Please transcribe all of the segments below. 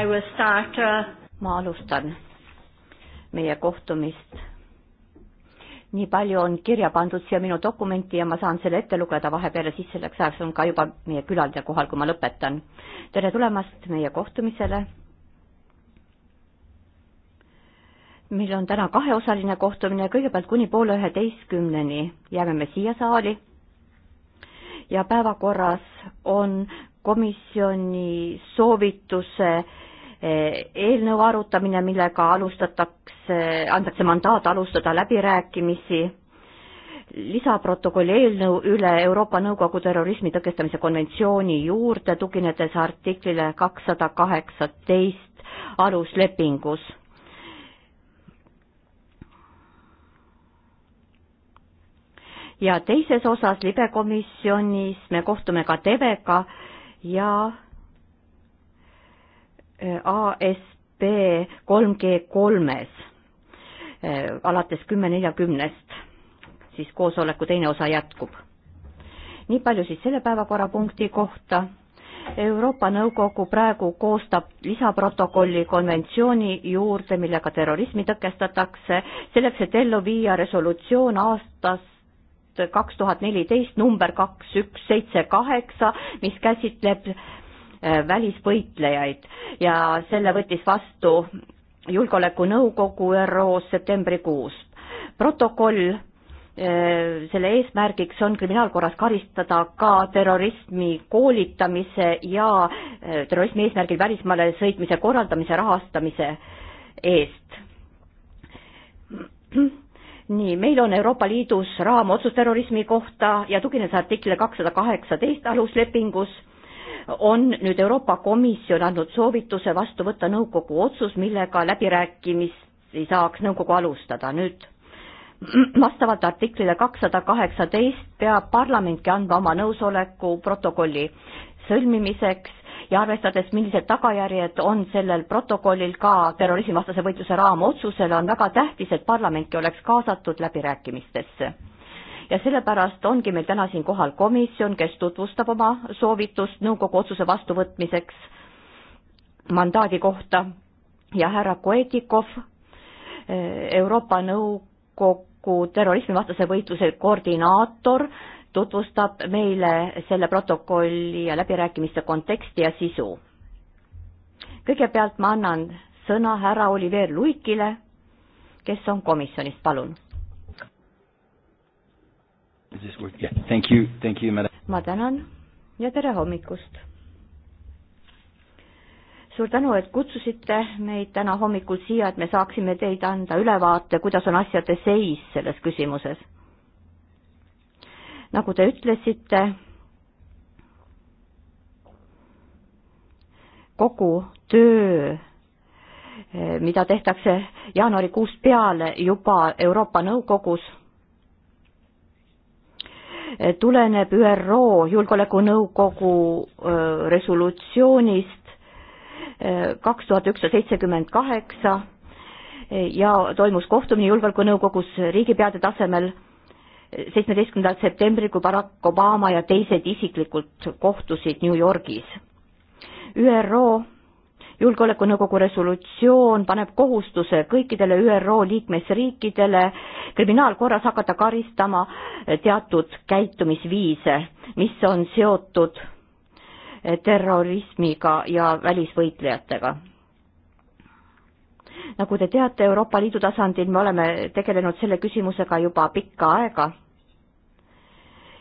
I will start uh... ma alustan meie kohtumist. nii palju on kirja pandud siia minu dokumenti ja ma saan selle ette lugeda vahepeal ja siis selleks ajaks on ka juba meie külaline kohal, kui ma lõpetan. tere tulemast meie kohtumisele. meil on täna kaheosaline kohtumine, kõigepealt kuni poole üheteistkümneni jääme me siia saali ja päevakorras on komisjoni soovituse eelnõu arutamine, millega alustatakse, antakse mandaat alustada läbirääkimisi lisaprotokolli eelnõu üle Euroopa Nõukogu terrorismi tõkestamise konventsiooni juurde, tuginedes artiklile kakssada kaheksateist aluslepingus. ja teises osas libekomisjonis me kohtume ka Tevega ja ASP 3G kolmes eh, alates kümme neljakümnest, siis koosoleku teine osa jätkub. nii palju siis selle päevakorrapunkti kohta. Euroopa Nõukogu praegu koostab lisaprotokolli konventsiooni juurde, millega terrorismi tõkestatakse, selleks et ellu viia resolutsioon aastast kaks tuhat neliteist number kaks üks seitse kaheksa, mis käsitleb Äh, välisvõitlejaid ja selle võttis vastu julgeolekunõukogu ÜRO-s septembrikuus. protokoll äh, selle eesmärgiks on kriminaalkorras karistada ka terrorismi koolitamise ja äh, terrorismi eesmärgil välismaale sõitmise korraldamise rahastamise eest. nii, meil on Euroopa Liidus raamotsus terrorismi kohta ja tuginedes artiklile kakssada kaheksateist aluslepingus on nüüd Euroopa Komisjon andnud soovituse vastu võtta nõukogu otsus, millega läbirääkimisi saaks nõukogu alustada. nüüd vastavalt artiklile kakssada kaheksateist peab parlamentki andma oma nõusoleku protokolli sõlmimiseks ja arvestades, millised tagajärjed on sellel protokollil ka terrorismivastase võitluse raamotsusele, on väga tähtis, et parlamentki oleks kaasatud läbirääkimistesse ja sellepärast ongi meil täna siin kohal komisjon, kes tutvustab oma soovitust nõukogu otsuse vastuvõtmiseks mandaadi kohta ja härra Koetikov, eh, Euroopa Nõukogu terrorismivastase võitluse koordinaator, tutvustab meile selle protokolli ja läbirääkimiste konteksti ja sisu. kõigepealt ma annan sõna härra Oliver Luikile, kes on komisjonist, palun Yeah. Thank you. Thank you, ma tänan ja tere hommikust! suur tänu, et kutsusite meid täna hommikul siia, et me saaksime teid anda ülevaate, kuidas on asjade seis selles küsimuses. nagu te ütlesite, kogu töö eh, mida tehtakse jaanuarikuust peale juba Euroopa Nõukogus tuleneb ÜRO Julgeolekunõukogu resolutsioonist kaks tuhat ükssada seitsekümmend kaheksa ja toimus kohtumine Julgeolekunõukogus riigipeade tasemel seitsmeteistkümnendal septembril, kui Barack Obama ja teised isiklikult kohtusid New Yorgis. ÜRO julgeolekunõukogu resolutsioon paneb kohustuse kõikidele ÜRO liikmesriikidele kriminaalkorras hakata karistama teatud käitumisviise, mis on seotud terrorismiga ja välisvõitlejatega. nagu te teate, Euroopa Liidu tasandil me oleme tegelenud selle küsimusega juba pikka aega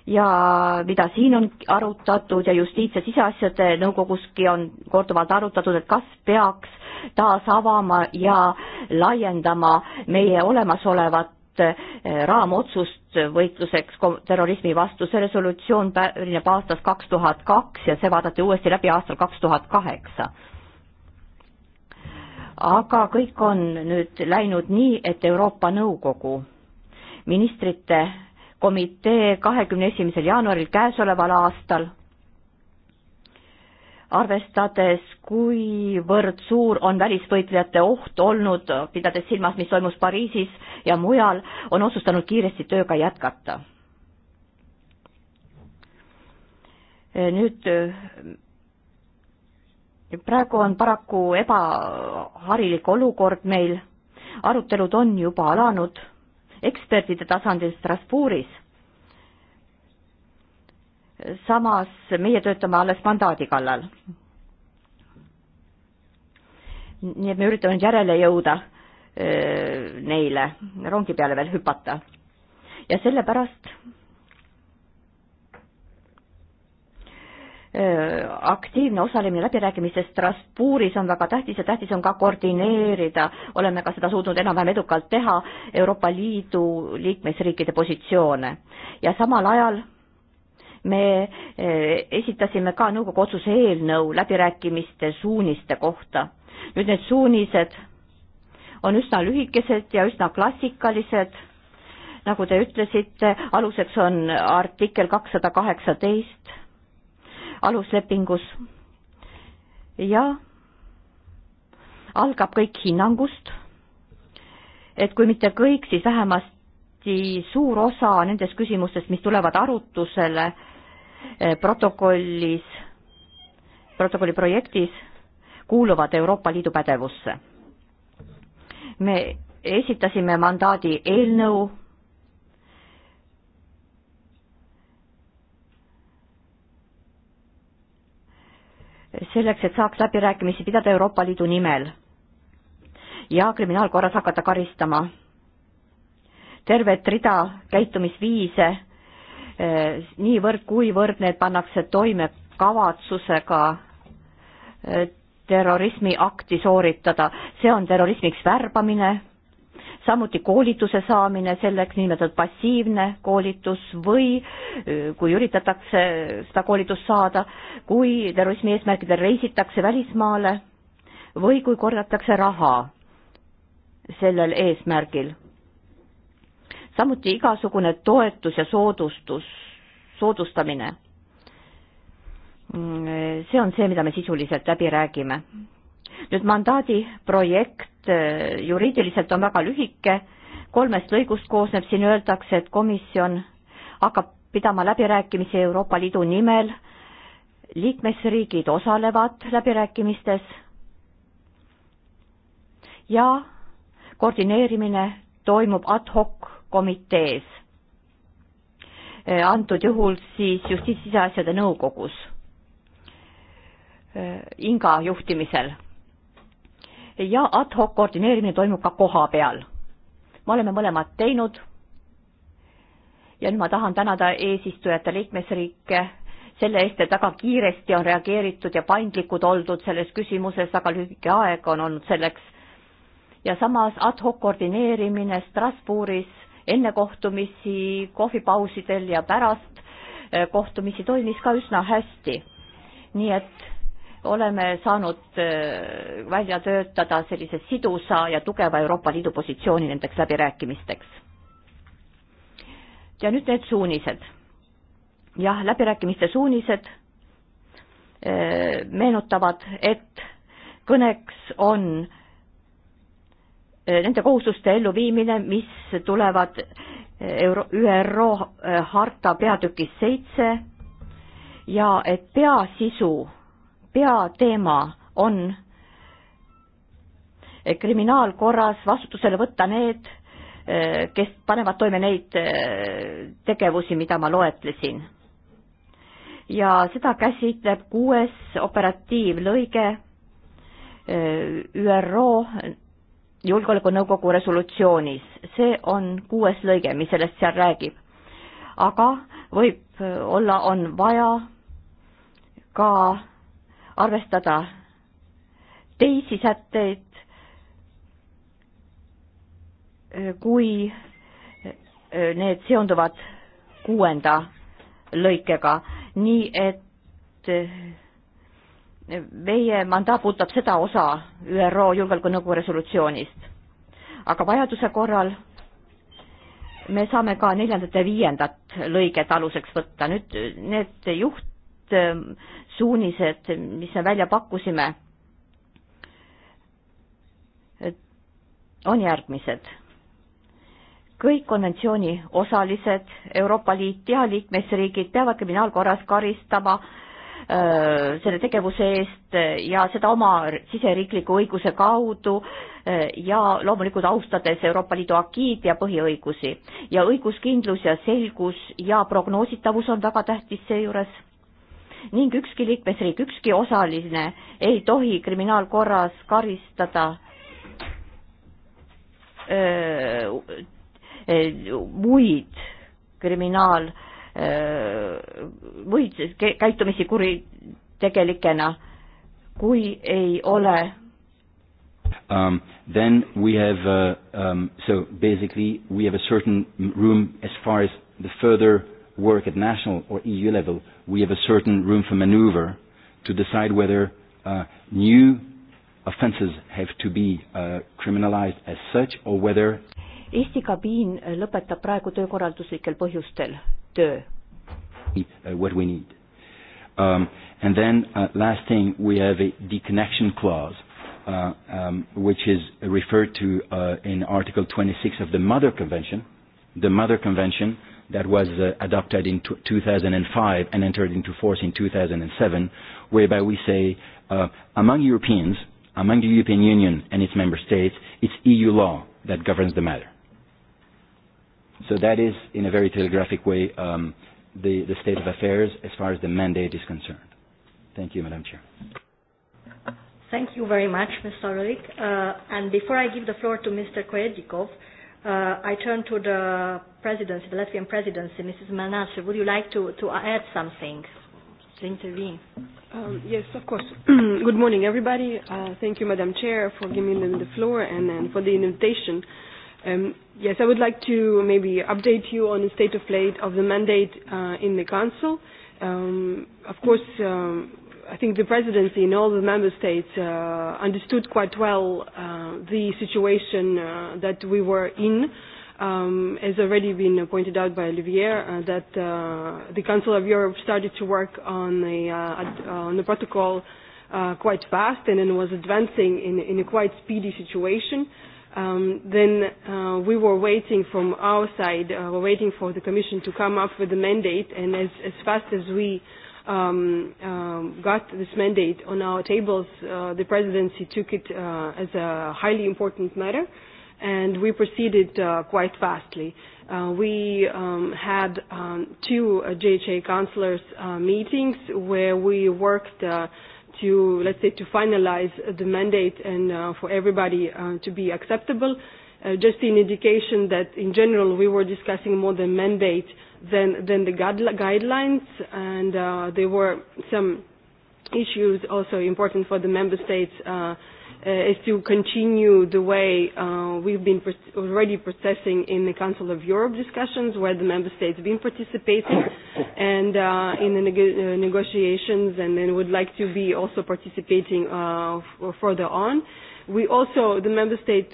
ja mida siin on arutatud ja justiits- ja siseasjade nõukoguski on korduvalt arutatud, et kas peaks taas avama ja laiendama meie olemasolevat eh, raamotsust võitluseks terrorismi vastu, see resolutsioon pärineb aastast kaks tuhat kaks ja see vaadati uuesti läbi aastal kaks tuhat kaheksa. aga kõik on nüüd läinud nii, et Euroopa Nõukogu ministrite komitee kahekümne esimesel jaanuaril käesoleval aastal. arvestades, kuivõrd suur on välisvõitlejate oht olnud, pidades silmas, mis toimus Pariisis ja mujal, on otsustanud kiiresti tööga jätkata. nüüd praegu on paraku ebaharilik olukord meil, arutelud on juba alanud ekspertide tasandil Strasbourgis. samas meie töötame alles mandaadi kallal. nii et me üritame nüüd järele jõuda öö, neile, rongi peale veel hüpata. ja sellepärast Äh, aktiivne osalemine läbirääkimistes Strasbourgis on väga tähtis ja tähtis on ka koordineerida, oleme ka seda suutnud enam-vähem edukalt teha, Euroopa Liidu liikmesriikide positsioone. ja samal ajal me äh, esitasime ka nõukogu otsuse eelnõu läbirääkimiste suuniste kohta. nüüd need suunised on üsna lühikesed ja üsna klassikalised, nagu te ütlesite, aluseks on artikkel kakssada kaheksateist aluslepingus. ja algab kõik hinnangust, et kui mitte kõik, siis vähemasti suur osa nendest küsimustest, mis tulevad arutusele eh, protokollis, protokolli projektis, kuuluvad Euroopa Liidu pädevusse. me esitasime mandaadi eelnõu selleks, et saaks läbirääkimisi pidada Euroopa Liidu nimel ja kriminaalkorras hakata karistama tervet rida käitumisviise, eh, niivõrd, kuivõrd need pannakse toime kavatsusega eh, terrorismiakti sooritada, see on terrorismiks värbamine samuti koolituse saamine selleks, niinimetatud passiivne koolitus või kui üritatakse seda koolitust saada, kui terrorismi eesmärkidel reisitakse välismaale või kui korjatakse raha sellel eesmärgil. samuti igasugune toetus ja soodustus, soodustamine. Mm, see on see, mida me sisuliselt läbi räägime nüüd mandaadi projekt äh, juriidiliselt on väga lühike, kolmest lõigust koosneb, siin öeldakse, et komisjon hakkab pidama läbirääkimisi Euroopa Liidu nimel, liikmesriigid osalevad läbirääkimistes ja koordineerimine toimub ad hoc komitees. Äh, antud juhul siis Justiits- ja Siseasjade Nõukogus äh, Inga juhtimisel ja ad hoc koordineerimine toimub ka koha peal. me oleme mõlemad teinud. ja nüüd ma tahan tänada eesistujate liikmesriike selle eest, et väga kiiresti on reageeritud ja paindlikud oldud selles küsimuses, väga lühike aeg on olnud selleks. ja samas ad hoc koordineerimine Strasbourgis enne kohtumisi, kohvipausidel ja pärast eh, kohtumisi toimis ka üsna hästi. nii et oleme saanud äh, välja töötada sellise sidusa ja tugeva Euroopa Liidu positsiooni nendeks läbirääkimisteks. ja nüüd need suunised. jah, läbirääkimiste suunised äh, meenutavad, et kõneks on äh, nende kohustuste elluviimine, mis tulevad Euro-, ÜRO harta peatükis seitse ja et peasisu peateema on eh, kriminaalkorras vastutusele võtta need, eh, kes panevad toime neid eh, tegevusi, mida ma loetlesin. ja seda käsitleb kuues operatiivlõige ÜRO Julgeolekunõukogu resolutsioonis. see on kuues lõige, mis sellest seal räägib. aga võib olla, on vaja ka arvestada teisi sätteid, äh, kui äh, need seonduvad kuuenda lõikega, nii et äh, meie mandaat puudutab seda osa ÜRO Julgeolekunõukogu resolutsioonist. aga vajaduse korral me saame ka neljandat ja viiendat lõiget aluseks võtta, nüüd need juht, need ähm, suunised, mis me välja pakkusime, on järgmised. kõik konventsiooni osalised, Euroopa Liit ja liikmesriigid peavad kriminaalkorras karistama öö, äh, selle tegevuse eest ja seda oma siseriikliku õiguse kaudu öö, äh, ja loomulikult austades Euroopa Liidu akiid ja põhiõigusi. ja õiguskindlus ja selgus ja prognoositavus on väga tähtis seejuures ning ükski liikmesriik, ükski osaline ei tohi kriminaalkorras karistada öö, muid kriminaal, muid käitumisi kuritegelikena, kui ei ole Um, then we have, uh, um, so basically we have a certain room as far as the further work at national or EU level, we have a certain room for maneuver to decide whether uh, new offences have to be uh, criminalized as such or whether Eesti kabiin uh, lõpetab praegu töökorralduslikel põhjustel töö. Uh, what we need. Um, and then uh, last thing, we have a deconnection clause, uh, um, which is referred to uh, in Article 26 of the Mother Convention. The Mother Convention uh, that was uh, adopted in t- 2005 and entered into force in 2007, whereby we say uh, among Europeans, among the European Union and its member states, it's EU law that governs the matter. So that is, in a very telegraphic way, um, the, the state of affairs as far as the mandate is concerned. Thank you, Madam Chair. Thank you very much, Mr. Ulrich. Uh, and before I give the floor to Mr. Koedikov, uh, Uh, I turn to the presidency, the Latvian presidency, Mrs. Melnarce. Would you like to, to add something, to intervene? Um, yes, of course. Good morning, everybody. Uh, thank you, Madam Chair, for giving me the floor and, and for the invitation. Um, yes, I would like to maybe update you on the state of play of the mandate uh, in the Council. Um, of course, um, I think the presidency and all the member states uh, understood quite well uh, the situation uh, that we were in. Um, as already been pointed out by Olivier, uh, that uh, the Council of Europe started to work on the, uh, on the protocol uh, quite fast and then was advancing in, in a quite speedy situation. Um, then uh, we were waiting from our side, uh, we're waiting for the Commission to come up with a mandate, and as, as fast as we uh, um, um, got this mandate on our tables, uh, the presidency took it uh, as a highly important matter, and we proceeded uh, quite fastly. Uh, we um, had um, two uh, JHA counselors uh, meetings where we worked uh, to, let's say, to finalize the mandate and uh, for everybody uh, to be acceptable. Uh, just an indication that in general we were discussing more the mandate uh, than, than the guidelines, and uh, there were some issues also important for the member states uh, uh is to continue the way uh, we've been already processing in the Council of Europe discussions, where the member states have been participating, and uh, in the neg- uh, negotiations, and then would like to be also participating uh, f- further on. We also, the member state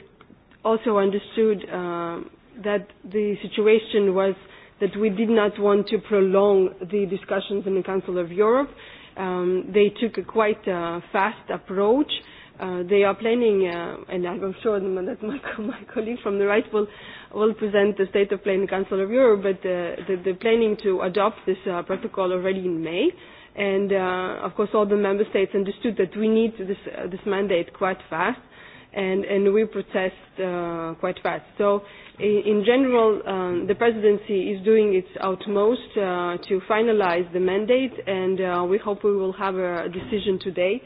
also understood uh, that the situation was that we did not want to prolong the discussions in the Council of Europe. Um, they took a quite uh, fast approach. Uh, they are planning, uh, and I'm sure that my, my colleague from the right will, will present the state of play in the Council of Europe, but uh, the, they're planning to adopt this uh, protocol already in May. And uh, of course, all the member states understood that we need this, uh, this mandate quite fast. Uh, and, and we protest uh, quite fast. So in, in general, um, the presidency is doing its utmost uh, to finalize the mandate, and uh, we hope we will have a decision today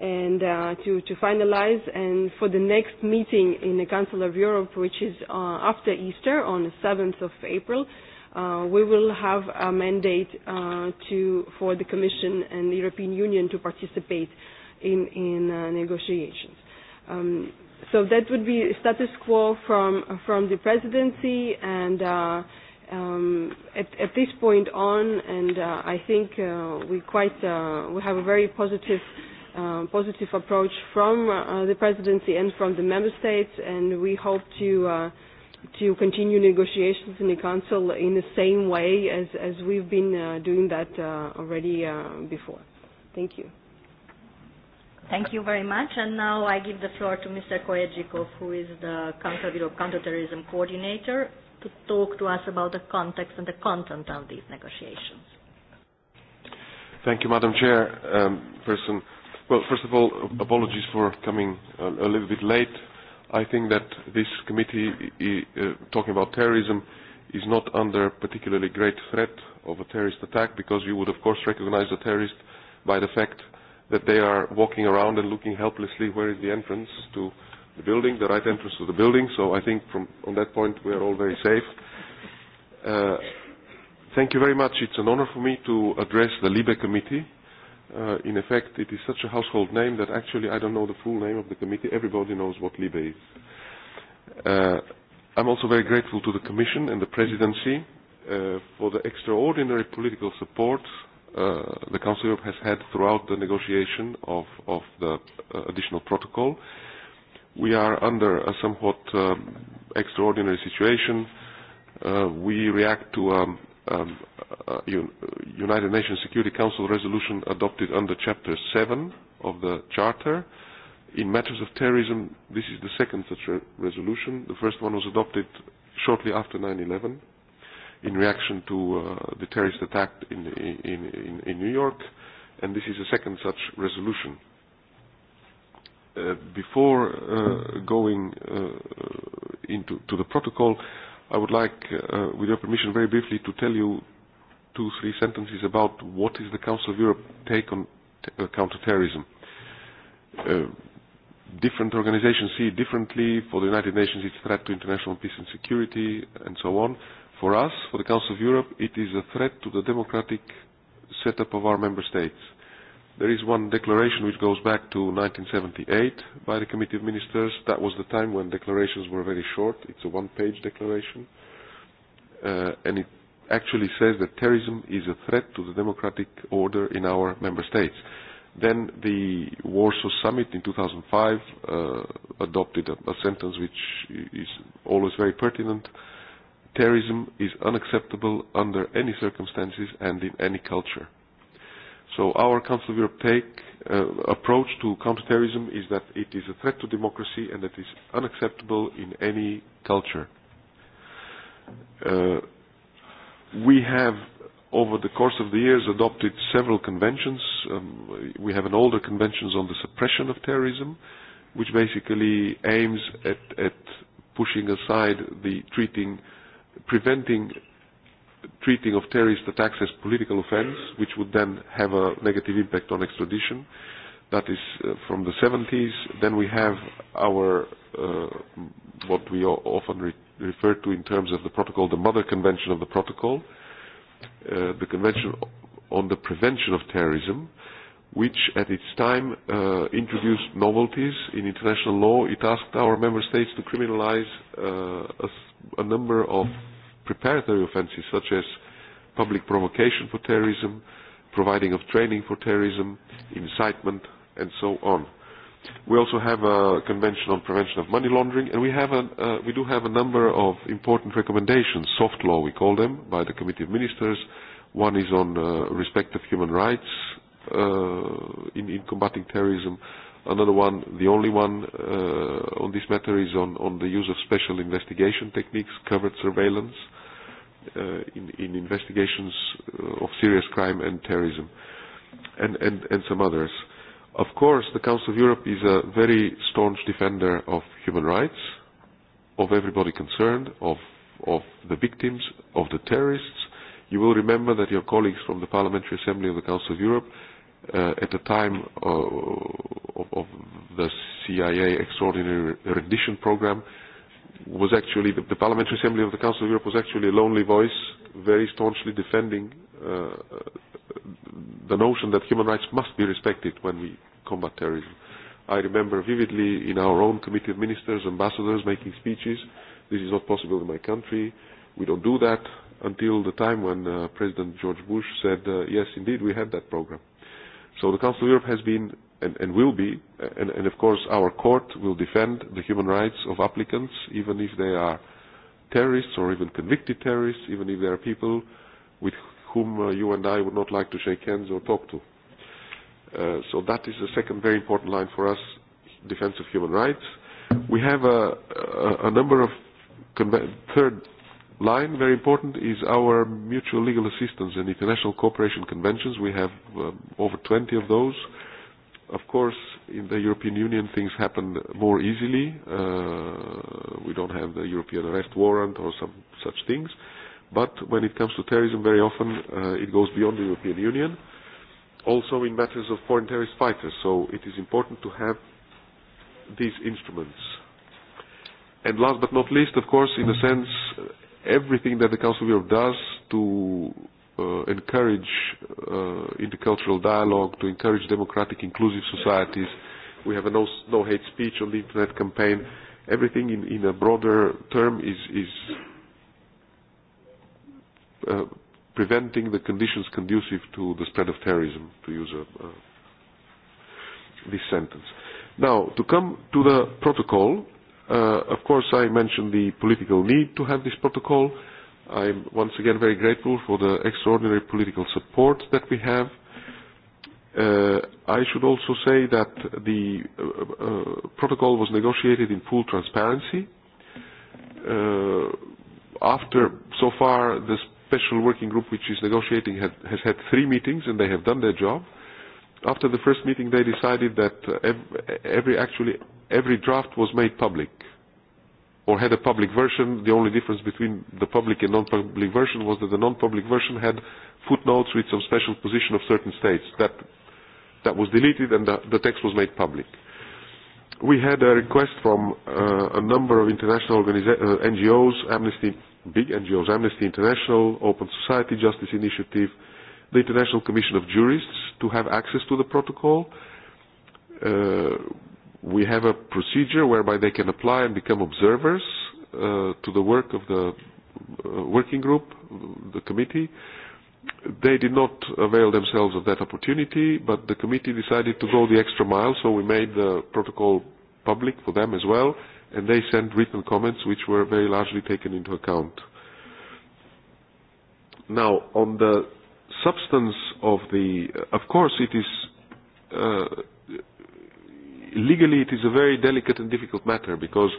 and uh, to, to finalize and for the next meeting in the Council of Europe, which is uh, after Easter on the 7th of April, uh, we will have a mandate uh, to, for the Commission and the European Union to participate in, in uh, negotiations. Uh, Um, so that would be status quo from from the presidency, and uh, um, at, at this point on, and uh, I think uh, we quite uh, we have a very positive. Um, uh, positive approach from uh, the presidency and from the member states, and we hope to uh, to continue negotiations in the council in the same way as as we've been uh, doing that uh, already uh, before. Thank you. Thank you very much. And now I give the floor to Mr. Koejikov, who is the Council of Europe Counterterrorism Coordinator, to talk to us about the context and the content of these negotiations. Thank you, Madam Chair. Um, person. Well, first of all, apologies for coming a, um, a little bit late. I think that this committee, uh, talking about terrorism, is not under particularly great threat of a terrorist attack because you would, of course, recognize a terrorist by the fact that they are walking around and looking helplessly where is the entrance to the building, the right entrance to the building. So I think from on that point we are all very safe. Uh, thank you very much. It's an honor for me to address the Libe Committee. Uh, in effect, it is such a household name that actually I don't know the full name of the committee. Everybody knows what Libe is. Uh, I'm also very grateful to the Commission and the Presidency uh, for the extraordinary political support uh, the Council of Europe has had throughout the negotiation of, of the uh, additional protocol. We are under a somewhat um, extraordinary situation. Uh, we react to um, um, uh, Un United Nations Security Council resolution adopted under Chapter 7 of the Charter. In matters of terrorism, this is the second such re resolution. The first one was adopted shortly after 9 11 in reaction to uh, the terrorist attack in, in, in, in New York, and this is a second such resolution. Uh, before uh, going uh, into to the protocol, I would like, uh, with your permission, very briefly to tell you two, three sentences about what is the Council of Europe take on t uh, counterterrorism. Uh, different organizations see it differently. For the United Nations, it's threat to international peace and security, and so on. Uh, For us, for the Council of Europe, it is a threat to the democratic setup of our member states. There is one declaration which goes back to 1978 by the Committee of Ministers. That was the time when declarations were very short. It's a one-page declaration. Uh, and it actually says that terrorism is a threat to the democratic order in our member states. Then the Warsaw Summit in 2005 uh, adopted a, a sentence which is always very pertinent. Uh, Terrorism is unacceptable under any circumstances and in any culture. So our Council of Europe take, uh, approach to counterterrorism is that it is a threat to democracy and that is unacceptable in any culture. Uh, we have, over the course of the years, adopted several conventions. Um, we have an older convention on the suppression of terrorism, which basically aims at, at pushing aside the treating uh, preventing treating of terrorist attacks as political offense, which would then have a negative impact on extradition. That is uh, from the 70s. Then we have our, uh, what we often re refer to in terms of the protocol, the mother convention of the protocol, uh, the convention on the prevention of terrorism, uh, which at its time uh, introduced novelties in international law. It asked our member states to criminalize uh, a, a number of preparatory offenses such as public provocation for terrorism, providing of training for terrorism, incitement, and so on. We also have a convention on prevention of money laundering, and we, have a, uh, we do have a number of important recommendations, soft law we call them, by the Committee of Ministers. One is on uh, respect of human rights, uh, in, in combating terrorism. Another one, the only one uh, on this matter is on, on the use of special investigation techniques, covered surveillance, uh, in, in investigations uh, of serious crime and terrorism, and, and, and some others. Of course, the Council of Europe is a very staunch defender of human rights, of everybody concerned, of, of the victims, of the terrorists. You will remember that your colleagues from the Parliamentary Assembly of the Council of Europe uh, at the time uh, of, of the CIA extraordinary rendition program was actually the, the Parliamentary Assembly of the Council of Europe was actually a lonely voice very staunchly defending uh, the notion that human rights must be respected when we combat terrorism. I remember vividly in our own committee of ministers, ambassadors making speeches, this is not possible in my country, we don't do that, until the time when uh, President George Bush said, uh, yes, indeed, we had that program So the Council of Europe has been and, and will be, and, and of course our court will defend the human rights of applicants, even if they are terrorists or even convicted terrorists, even if they are people with whom uh, you and I would not like to shake hands or talk to. Uh, so that is the second very important line for us, defense of human rights. We have a, a, a number of conve third line, very important, is our mutual legal assistance and international cooperation conventions. We have um, over 20 of those. Of course, in the European Union, things happen more easily. Uh, we don't have the European arrest warrant or some such things. But when it comes to terrorism, very often uh, it goes beyond the European Union, also in matters of foreign terrorist fighters. So it is important to have these instruments. And last but not least, of course, in a sense, everything that the Council of Europe does to uh, encourage uh, intercultural dialogue, to encourage democratic, inclusive societies. We have a no, no hate speech on the internet campaign. Everything in, in a broader term is, is uh, preventing the conditions conducive to the spread of terrorism, to use a, uh, this sentence. Now, to come to the protocol, uh, Uh, of course, I mentioned the political need to have this protocol. I'm once again very grateful for the extraordinary political support that we have. Uh, I should also say that the uh, uh, protocol was negotiated in full transparency. Uh, after, so far, the special working group which is negotiating had, has had three meetings and they have done their job. Uh, after the first meeting, they decided that uh, every actually every draft was made public or had a public version. The only difference between the public and non-public version was that the non-public version had footnotes with some special position of certain states. That, that was deleted and the, the text was made public. We had a request from uh, a number of international organiza- uh, NGOs, Amnesty, big NGOs, Amnesty International, Open Society Justice Initiative, uh, the International Commission of Jurists to have access to the protocol. Uh, we have a procedure whereby they can apply and become observers uh, to the work of the uh, working group, the committee. They did not avail themselves of that opportunity, but the committee decided to go the extra mile, so we made the protocol public for them as well, and they sent written comments which were very largely taken into account. Now, on the substance of the, uh, of course, it is uh, legally it is a very delicate and difficult matter because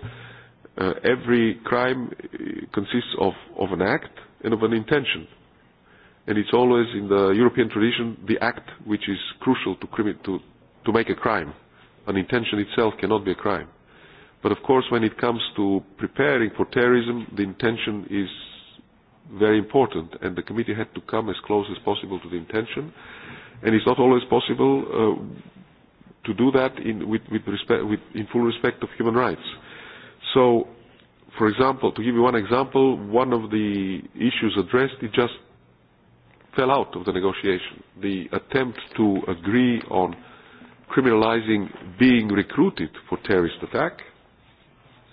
uh, every crime uh, consists of, of an act and of an intention. And it's always in the European tradition the act which is crucial to, crimi- to, to make a crime. An intention itself cannot be a crime. But of course, when it comes to preparing for terrorism, the intention is very important, and the committee had to come as close as possible to the intention. And it's not always possible uh, to do that in, with, with respect, with, in full respect of human rights. So, for example, to give you one example, one of the issues addressed, it just fell out of the negotiation. The attempt to agree on criminalizing being recruited for terrorist attack –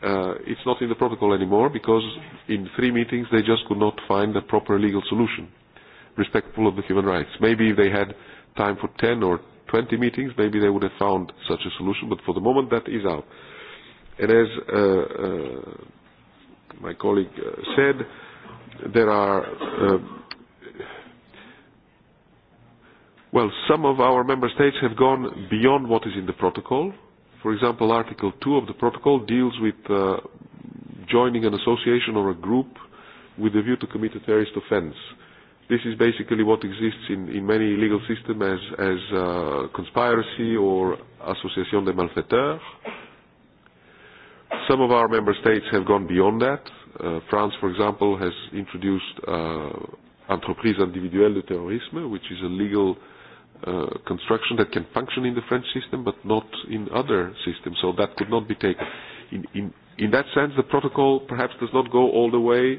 uh, it's not in the protocol anymore because in three meetings they just could not find the proper legal solution, respectful of the human rights. Maybe if they had time for 10 or 20 meetings, maybe they would have found such a solution, but for the moment that is out. And as uh, uh, my colleague uh, said, there are, uh, well, some of our member states have gone beyond what is in the protocol, uh, For example, Article 2 of the protocol deals with uh, joining an association or a group with a view to commit a terrorist offense. This is basically what exists in, in many legal systems as, as uh, conspiracy or association de malfaiteurs. Some of our member states have gone beyond that. Uh, France, for example, has introduced uh, entreprise individuelle de terrorisme, which is a legal uh, uh, construction that can function in the French system but not in other systems, so that could not be taken. In, in, in that sense, the protocol perhaps does not go all the way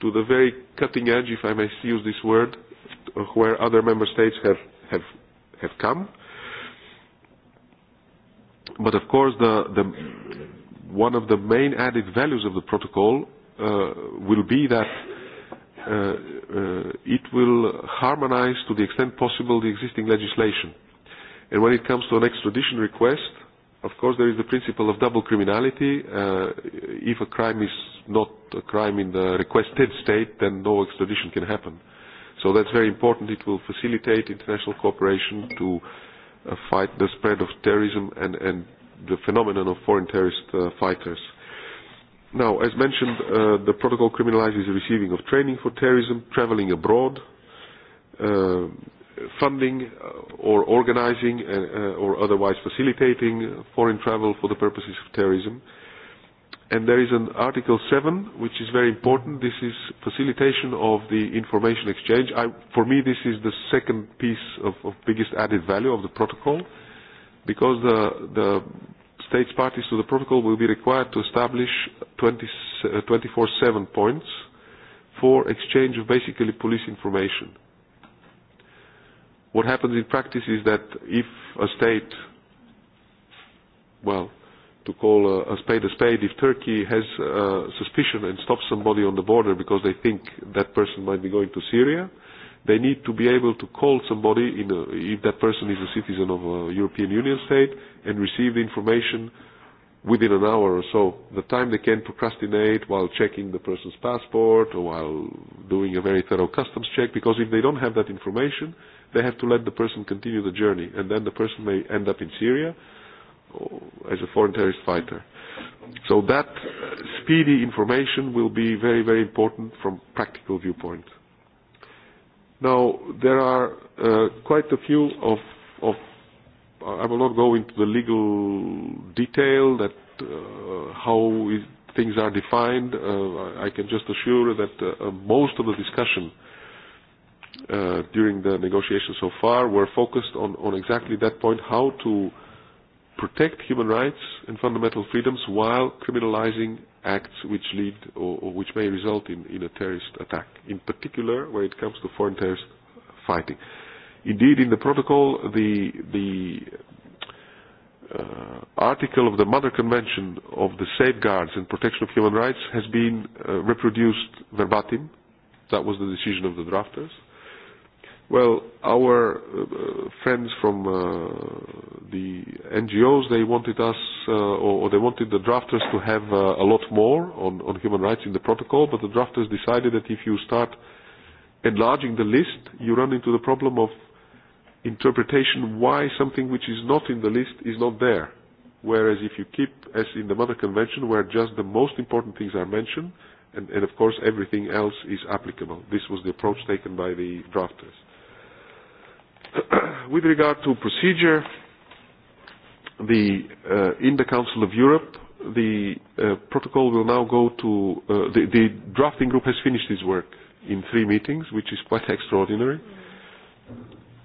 to the very cutting edge, if I may use this word, where other member states have, have, have come. But of course, the, the, one of the main added values of the protocol uh, will be that uh, uh, uh, it will harmonize to the extent possible the existing legislation. And when it comes to an extradition request, of course there is the principle of double criminality. Uh, if a crime is not a crime in the requested state, then no extradition can happen. So that's very important. It will facilitate international cooperation to uh, fight the spread of terrorism and, and the phenomenon of foreign terrorist uh, fighters. Now, as mentioned, uh, the protocol criminalizes the receiving of training for terrorism, traveling abroad, uh, funding uh, or organizing uh, uh, or otherwise facilitating foreign travel for the purposes of terrorism. And there is an Article 7, which is very important. This is facilitation of the information exchange. I, for me, this is the second piece of, of biggest added value of the protocol because the, the states parties to the protocol will be required to establish 20, uh, 24-7 points for exchange of basically police information. What happens in practice is that if a state, well, to call a, a spade a spade, if Turkey has uh, suspicion and stops somebody on the border because they think that person might be going to Syria, uh, They need to be able to call somebody in a, if that person is a citizen of a European Union state and receive the information within an hour or so. The time they can procrastinate while checking the person's passport or while doing a very thorough customs check, because if they don't have that information, they have to let the person continue the journey, and then the person may end up in Syria as a foreign terrorist fighter. So that speedy information will be very, very important from practical viewpoint. Now, there are uh, quite a few of, of I will not go into the legal detail that uh, how is, things are defined. Uh, I can just assure that uh, uh most of the discussion uh, during the negotiations so far were focused on, on exactly that point, how to protect human rights and fundamental freedoms while criminalizing acts which lead or, or which may result in, in a terrorist attack, in particular when it comes to foreign terrorist fighting. Indeed, in the protocol, the, the uh, article of the Mother Convention of the Safeguards and Protection of Human Rights has been uh, reproduced verbatim. That was the decision of the drafters. Well, our uh, friends from uh, the NGOs, they wanted us, uh, or, or they wanted the drafters to have uh, a lot more on, on human rights in the protocol, but the drafters decided that if you start enlarging the list, you run into the problem of interpretation why something which is not in the list is not there. Whereas if you keep, as in the Mother Convention, where just the most important things are mentioned, and, and of course everything else is applicable. This was the approach taken by the drafters. With regard to procedure, the, uh, in the Council of Europe, the uh, protocol will now go to uh, the, the drafting group has finished its work in three meetings, which is quite extraordinary.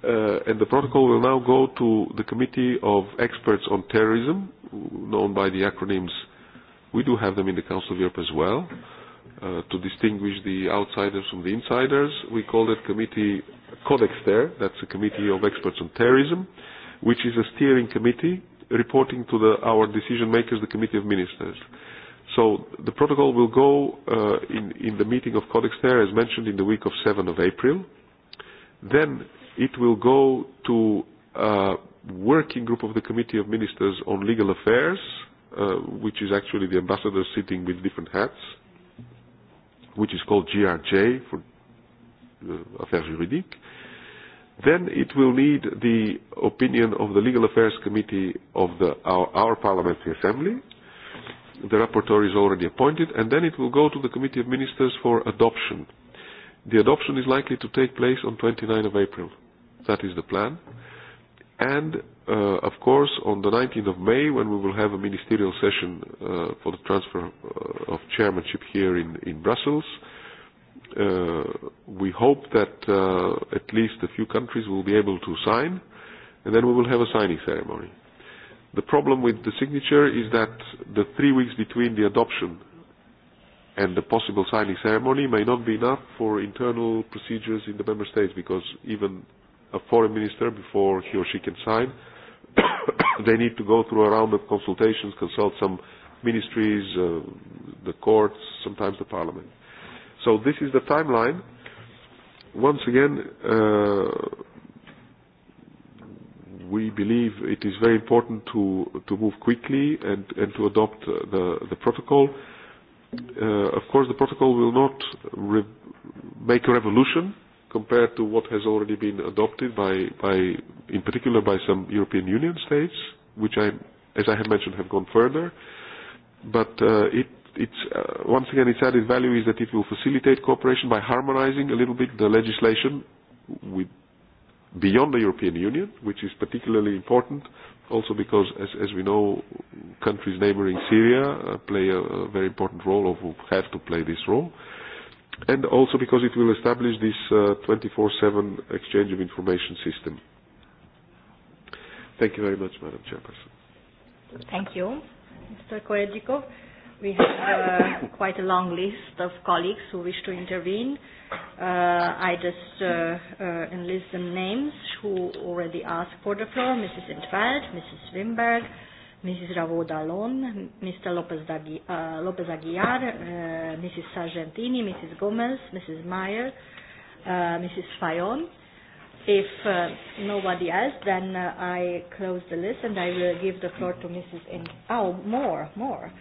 Uh, and the protocol will now go to the Committee of Experts on Terrorism, known by the acronyms. We do have them in the Council of Europe as well. Uh, uh, to distinguish the outsiders from the insiders. We call that committee CODEXTER, that's a committee of experts on terrorism, which is a steering committee reporting to the, our decision makers, the Committee of Ministers. So the protocol will go uh, in, in the meeting of CODEXTER, as mentioned, in the week of 7 of April. Then it will go to a working group of the Committee of Ministers on Legal Affairs, uh, which is actually the ambassadors sitting with different hats. Uh, which is called GRJ for uh, Affaires Juridiques. Then it will need the opinion of the Legal Affairs Committee of the, our, our Parliamentary Assembly. The rapporteur is already appointed, and then it will go to the Committee of Ministers for adoption. The adoption is likely to take place on 29 of April. That is the plan. Mm-hmm and uh, of course on the 19th of May when we will have a ministerial session uh, for the transfer uh, of chairmanship here in, in Brussels. Uh, we hope that uh, at least a few countries will be able to sign and then we will have a signing ceremony. The problem with the signature is that the three weeks between the adoption and the possible signing ceremony may not be enough for internal procedures in the member states because even a foreign minister before he or she can sign. they need to go through a round of consultations, consult some ministries, uh, the courts, sometimes the parliament. So this is the timeline. Once again, uh, we believe it is very important to, to move quickly and, and to adopt uh, the, the protocol. Uh, of course, the protocol will not re- make a revolution. Uh, compared to what has already been adopted by, by in particular by some European Union states, which I, as I have mentioned, have gone further. But uh, it, it's, uh, once again, its added value is that it will facilitate cooperation by harmonizing a little bit the legislation with, beyond the European Union, which is particularly important, also because, as, as we know, countries neighboring Syria uh, play a, a very important role or have to play this role. Uh, and also because it will establish this 24/7 uh, exchange of information system. Thank you very much, Madam Chairperson. Thank you, Mr. Korejikov. We have uh, quite a long list of colleagues who wish to intervene. Uh, I just uh, uh, enlist the names who already asked for the floor, Mrs. Entwald, Mrs. Wimberg, Mrs. Ravo Dallon, Mr. Lopez, Agui- uh, Lopez Aguiar, uh, Mrs. Sargentini, Mrs. Gomez, Mrs. Meyer, uh, Mrs. Fayon. If uh, nobody else, then uh, I close the list and I will give the floor to Mrs. In- oh, more, more.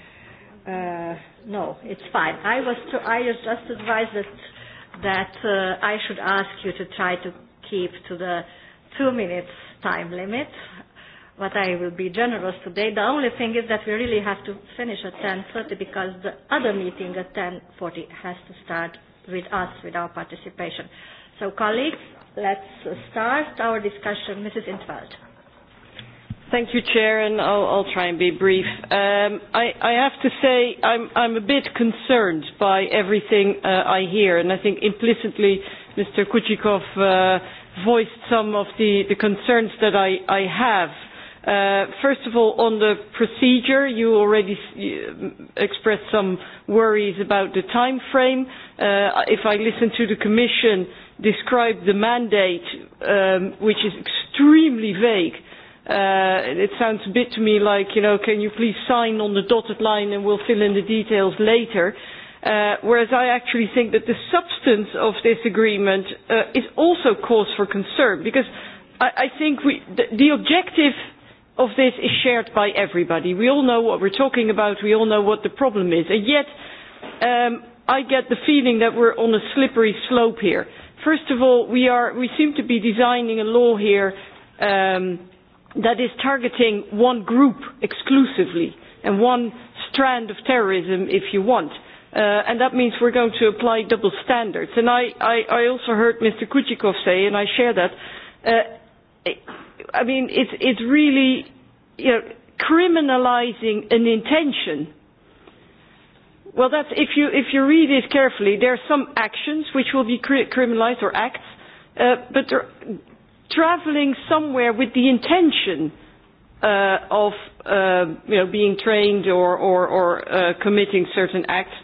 Uh, no, it's fine. I was to, I was just advised that that uh, I should ask you to try to keep to the two minutes time limit but I will be generous today. The only thing is that we really have to finish at 10.30 because the other meeting at 10.40 has to start with us, with our participation. So colleagues, let's start our discussion. Mrs. Intveld. Thank you, Chair, and I'll, I'll try and be brief. Um, I, I have to say I'm, I'm a bit concerned by everything uh, I hear, and I think implicitly Mr. Kuchikov uh, voiced some of the, the concerns that I, I have. Uh, first of all, on the procedure, you already mm, expressed some worries about the time frame. Uh, if I listen to the Commission describe the mandate, um, which is extremely vague, uh, it sounds a bit to me like, you know, can you please sign on the dotted line and we'll fill in the details later. Uh, whereas I actually think that the substance of this agreement uh, is also cause for concern because I, I think we, the, the objective of this is shared by everybody. We all know what we're talking about, we all know what the problem is, and yet um, I get the feeling that we're on a slippery slope here. First of all, we, are, we seem to be designing a law here um, that is targeting one group exclusively and one strand of terrorism, if you want. Uh, and that means we're going to apply double standards. And I, I, I also heard Mr. Kuchikov say, and I share that, uh, I mean, it's, it's really you know, criminalizing an intention. Well, that's, if, you, if you read it carefully, there are some actions which will be cri- criminalized or acts, uh, but traveling somewhere with the intention uh, of uh, you know, being trained or, or, or uh, committing certain acts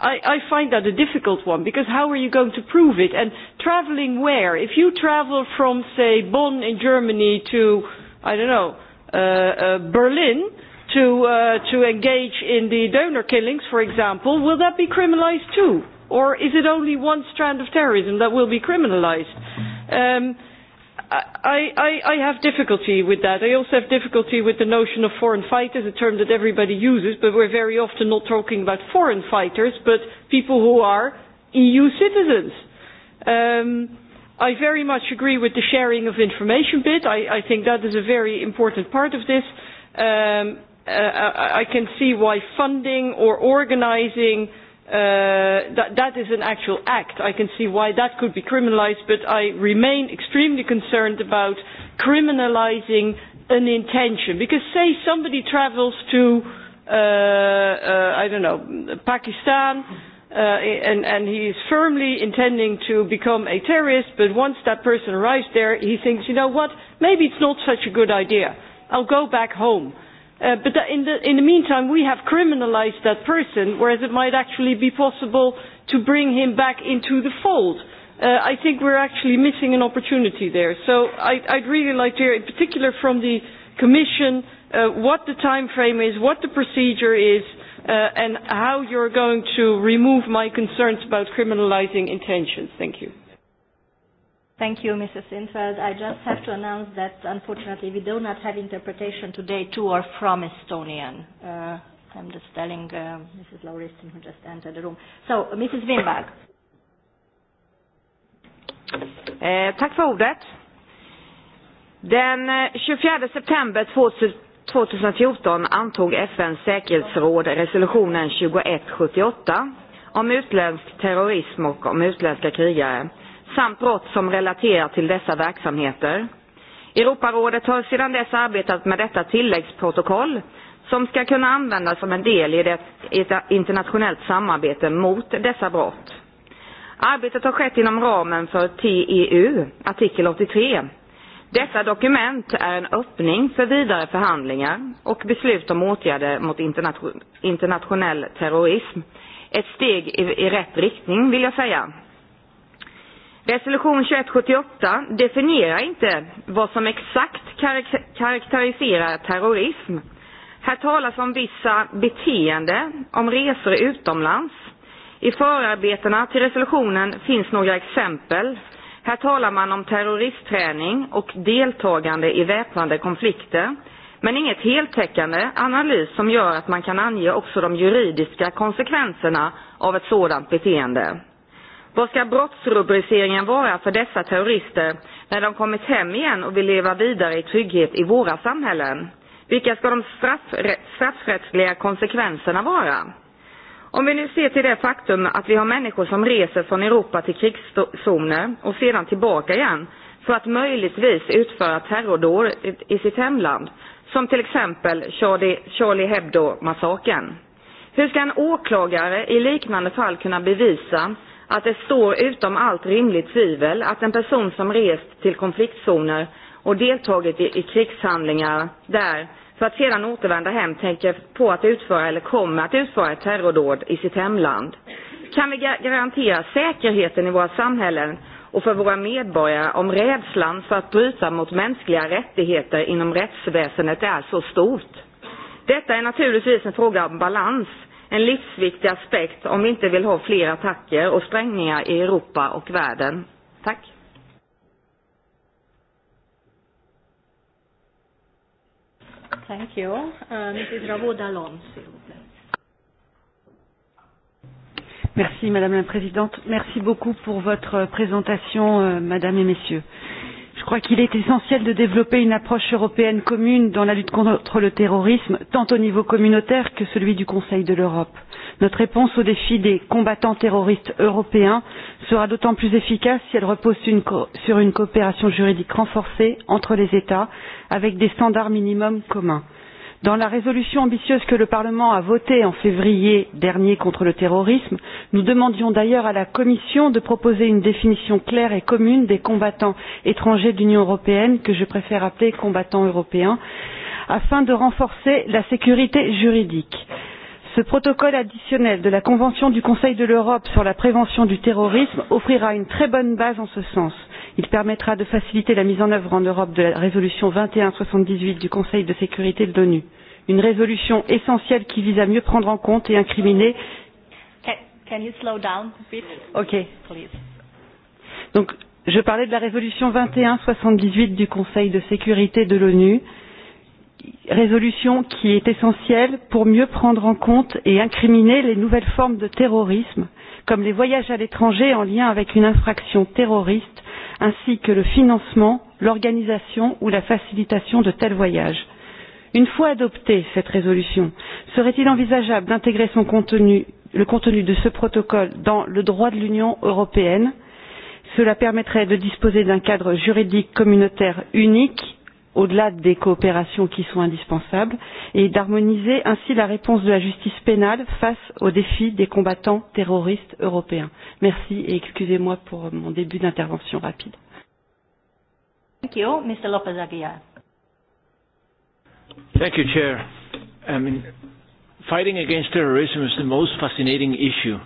I, I find that a difficult one because how are you going to prove it? And traveling where? If you travel from, say, Bonn in Germany to, I don't know, uh, uh, Berlin to, uh, to engage in the donor killings, for example, will that be criminalized too? Or is it only one strand of terrorism that will be criminalized? Um, I, I, I have difficulty with that. I also have difficulty with the notion of foreign fighters, a term that everybody uses, but we're very often not talking about foreign fighters, but people who are EU citizens. Um, I very much agree with the sharing of information bit. I, I think that is a very important part of this. Um, uh, I, I can see why funding or organizing uh, Uh, that, that is an actual act. I can see why that could be criminalized, but I remain extremely concerned about criminalizing an intention. Because say somebody travels to, uh, uh, I don't know, Pakistan, uh, and, and he is firmly intending to become a terrorist, but once that person arrives there, he thinks, you know what, maybe it's not such a good idea. I'll go back home Uh, but in the, in the meantime, we have criminalized that person, whereas it might actually be possible to bring him back into the fold. Uh, I think we're actually missing an opportunity there. So I'd, I'd really like to hear, in particular from the Commission, uh, what the time frame is, what the procedure is, uh, and how you're going to remove my concerns about criminalizing intentions. Thank you. Thank you, Mrs. Infeld. I just have to announce that unfortunately we do not have interpretation today to or from Estonian. Uh, I'm just telling uh, Mrs. Lauristin who just entered the room. So, Mrs. Winberg. Eh, tack för ordet. Den 24 eh, september 2014 antog FNs säkerhetsråd resolutionen 2178 om utländsk terrorism och om utländska krigare samt brott som relaterar till dessa verksamheter. Europarådet har sedan dess arbetat med detta tilläggsprotokoll som ska kunna användas som en del i det internationellt samarbete mot dessa brott. Arbetet har skett inom ramen för TEU, artikel 83. Detta dokument är en öppning för vidare förhandlingar och beslut om åtgärder mot internationell terrorism. Ett steg i rätt riktning vill jag säga. Resolution 2178 definierar inte vad som exakt karaktäriserar terrorism. Här talas om vissa beteende, om resor utomlands. I förarbetena till resolutionen finns några exempel. Här talar man om terroristträning och deltagande i väpnade konflikter. Men inget heltäckande analys som gör att man kan ange också de juridiska konsekvenserna av ett sådant beteende. Vad ska brottsrubriceringen vara för dessa terrorister när de kommit hem igen och vill leva vidare i trygghet i våra samhällen? Vilka ska de straffrä straffrättsliga konsekvenserna vara? Om vi nu ser till det faktum att vi har människor som reser från Europa till krigszoner och sedan tillbaka igen för att möjligtvis utföra terrordåd i sitt hemland, som till exempel Charlie Hebdo-massakern. Hur ska en åklagare i liknande fall kunna bevisa att det står utom allt rimligt tvivel att en person som rest till konfliktzoner och deltagit i, i krigshandlingar där för att sedan återvända hem tänker på att utföra eller kommer att utföra ett terrordåd i sitt hemland? Kan vi garantera säkerheten i våra samhällen och för våra medborgare om rädslan för att bryta mot mänskliga rättigheter inom rättsväsendet är så stort? Detta är naturligtvis en fråga om balans En livsviktig aspekt om vi inte vill ha fler attacker och sprängningar i Europa och världen. Tack. Thank you. Uh, Mrs. Ravaud-Dallon, s'il vous plaît. Merci Madame la Présidente. Merci beaucoup pour votre présentation, euh, Madame et Messieurs. Euh, crois qu'il est essentiel de développer une approche européenne commune dans la lutte contre le terrorisme, tant au niveau communautaire que celui du Conseil de l'Europe. Notre réponse au défi des combattants terroristes européens sera d'autant plus efficace si elle repose une sur une coopération juridique renforcée entre les États, avec des standards minimums communs. Dans la résolution ambitieuse que le Parlement a votée en février dernier contre le terrorisme, nous demandions d'ailleurs à la Commission de proposer une définition claire et commune des combattants étrangers de l'Union européenne, que je préfère appeler combattants européens, afin de renforcer la sécurité juridique. Ce protocole additionnel de la Convention du Conseil de l'Europe sur la prévention du terrorisme offrira une très bonne base en ce sens Il permettra de faciliter la mise en œuvre en Europe de la résolution 2178 du Conseil de sécurité de l'ONU, une résolution essentielle qui vise à mieux prendre en compte et incriminer. Can, can you slow down a bit? Okay. Please. Donc, je parlais de la résolution 2178 du Conseil de sécurité de l'ONU, résolution qui est essentielle pour mieux prendre en compte et incriminer les nouvelles formes de terrorisme, comme les voyages à l'étranger en lien avec une infraction terroriste ainsi que le financement, l'organisation ou la facilitation de tels voyages. Une fois adoptée cette résolution, serait-il envisageable d'intégrer son contenu, le contenu de ce protocole dans le droit de l'Union européenne Cela permettrait de disposer d'un cadre juridique communautaire unique au-delà des coopérations qui sont indispensables, et d'harmoniser ainsi la réponse de la justice pénale face aux défis des combattants terroristes européens. Merci et excusez-moi pour mon début d'intervention rapide. Thank you. Mr. Lopez Aguilar. Thank you, Chair. I mean, fighting against terrorism is the most fascinating issue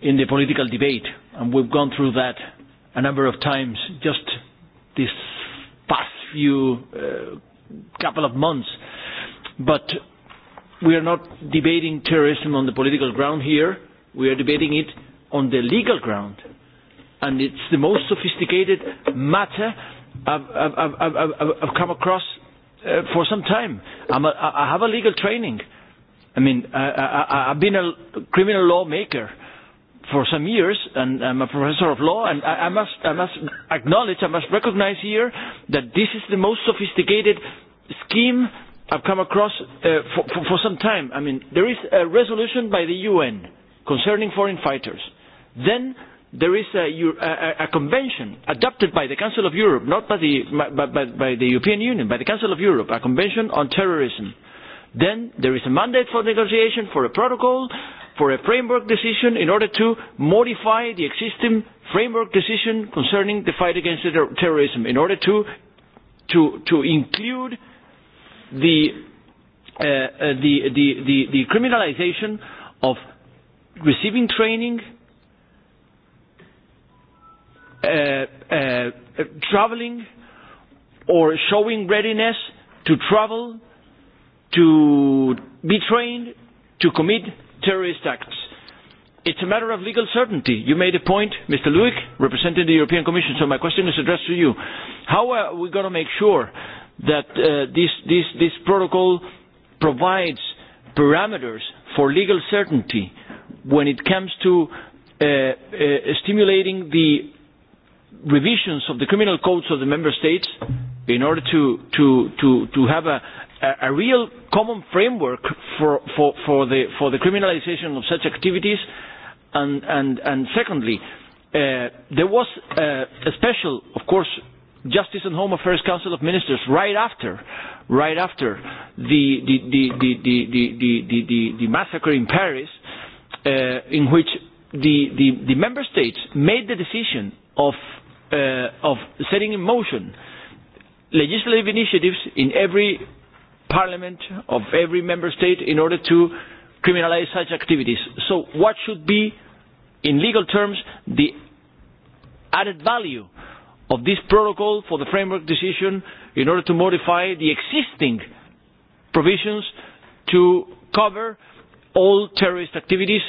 in the political debate, and we've gone through that a number of times just this past few uh, couple of months. But we are not debating terrorism on the political ground here. We are debating it on the legal ground. And it's the most sophisticated matter I've, I've, I've, I've, I've come across uh, for some time. I'm a, I have a legal training. I mean, I, I, I've been a criminal lawmaker for some years, and I'm a professor of law, and I, I, must, I must acknowledge, I must recognize here that this is the most sophisticated scheme I've come across uh, for, for, for some time. I mean, there is a resolution by the UN concerning foreign fighters. Then there is a, a, a convention adopted by the Council of Europe, not by the, by, by, by the European Union, by the Council of Europe, a convention on terrorism. Then there is a mandate for negotiation for a protocol, for a framework decision in order to modify the existing framework decision concerning the fight against ter terrorism in order to, to, to include the, uh, uh, the, the, the, the criminalization of receiving training, uh, uh, traveling, or showing readiness to travel, to be trained, to commit terrorist acts. It's a matter of legal certainty. You made a point, Mr. Luick, representing the European Commission, so my question is addressed to you. How are we going to make sure that uh, this, this, this protocol provides parameters for legal certainty when it comes to uh, uh, stimulating the revisions of the criminal codes of the member states in order to, to, to, to have a, a, a real common framework for, for, for, the, for the criminalization of such activities. And, and, and secondly, uh, there was uh, a special, of course, Justice and Home Affairs Council of Ministers right after, right after the, the, the, the, the, the, the, the, the massacre in Paris, uh, in which the, the, the member states made the decision of, uh, of setting in motion legislative initiatives in every parliament of every member state in order to criminalize such activities. So what should be, in legal terms, the added value of this protocol for the framework decision in order to modify the existing provisions to cover all terrorist activities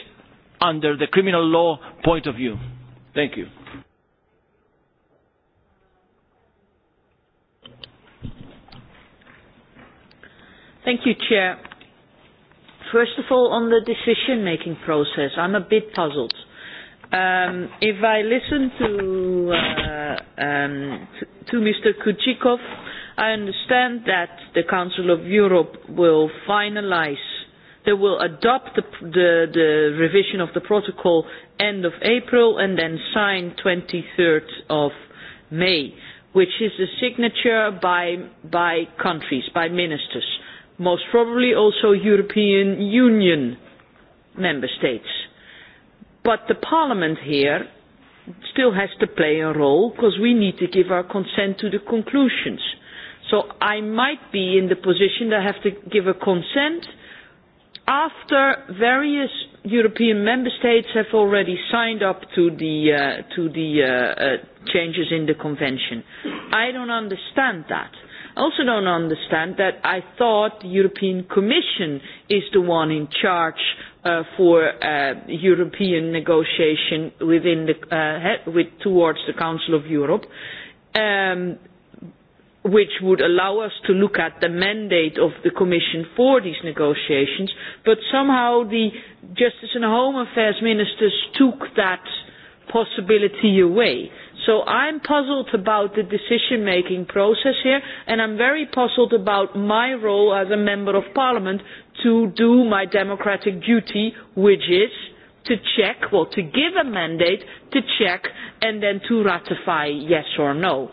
under the criminal law point of view? Thank you. Thank you, Chair. First of all, on the decision-making process, I'm a bit puzzled. Um, if I listen to, uh, um, to Mr. Kuchikov, I understand that the Council of Europe will finalize, they will adopt the, the, the revision of the protocol end of April and then sign 23rd of May, which is a signature by, by countries, by ministers most probably also European Union member states. But the Parliament here still has to play a role because we need to give our consent to the conclusions. So I might be in the position that I have to give a consent after various European member states have already signed up to the, uh, to the uh, uh, changes in the convention. I don't understand that. I also don't understand that I thought the European Commission is the one in charge uh, for uh, European negotiation within the, uh, with, towards the Council of Europe. Um, which would allow us to look at the mandate of the Commission for these negotiations, but somehow the Justice and Home Affairs ministers took that possibility away. So I'm puzzled about the decision-making process here, and I'm very puzzled about my role as a member of parliament to do my democratic duty, which is to check, well, to give a mandate, to check, and then to ratify yes or no.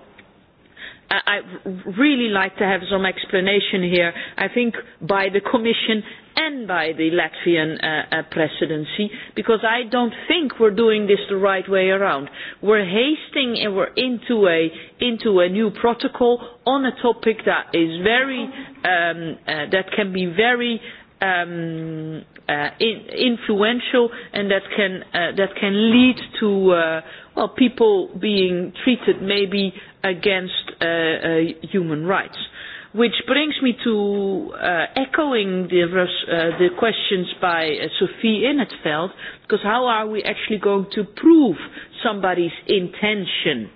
I, I'd really like to have some explanation here, I think, by the Commission and by the Latvian uh, uh, presidency because I don't think we're doing this the right way around. We're hasting and we're into a, into a new protocol on a topic that is very, um, uh, that can be very um, uh, in, influential and that can, uh, that can lead to uh, well, people being treated maybe against uh, uh, human rights. Uh, which brings me to uh, echoing the, uh, the questions by uh, Sophie Innetveld, because how are we actually going to prove somebody's intention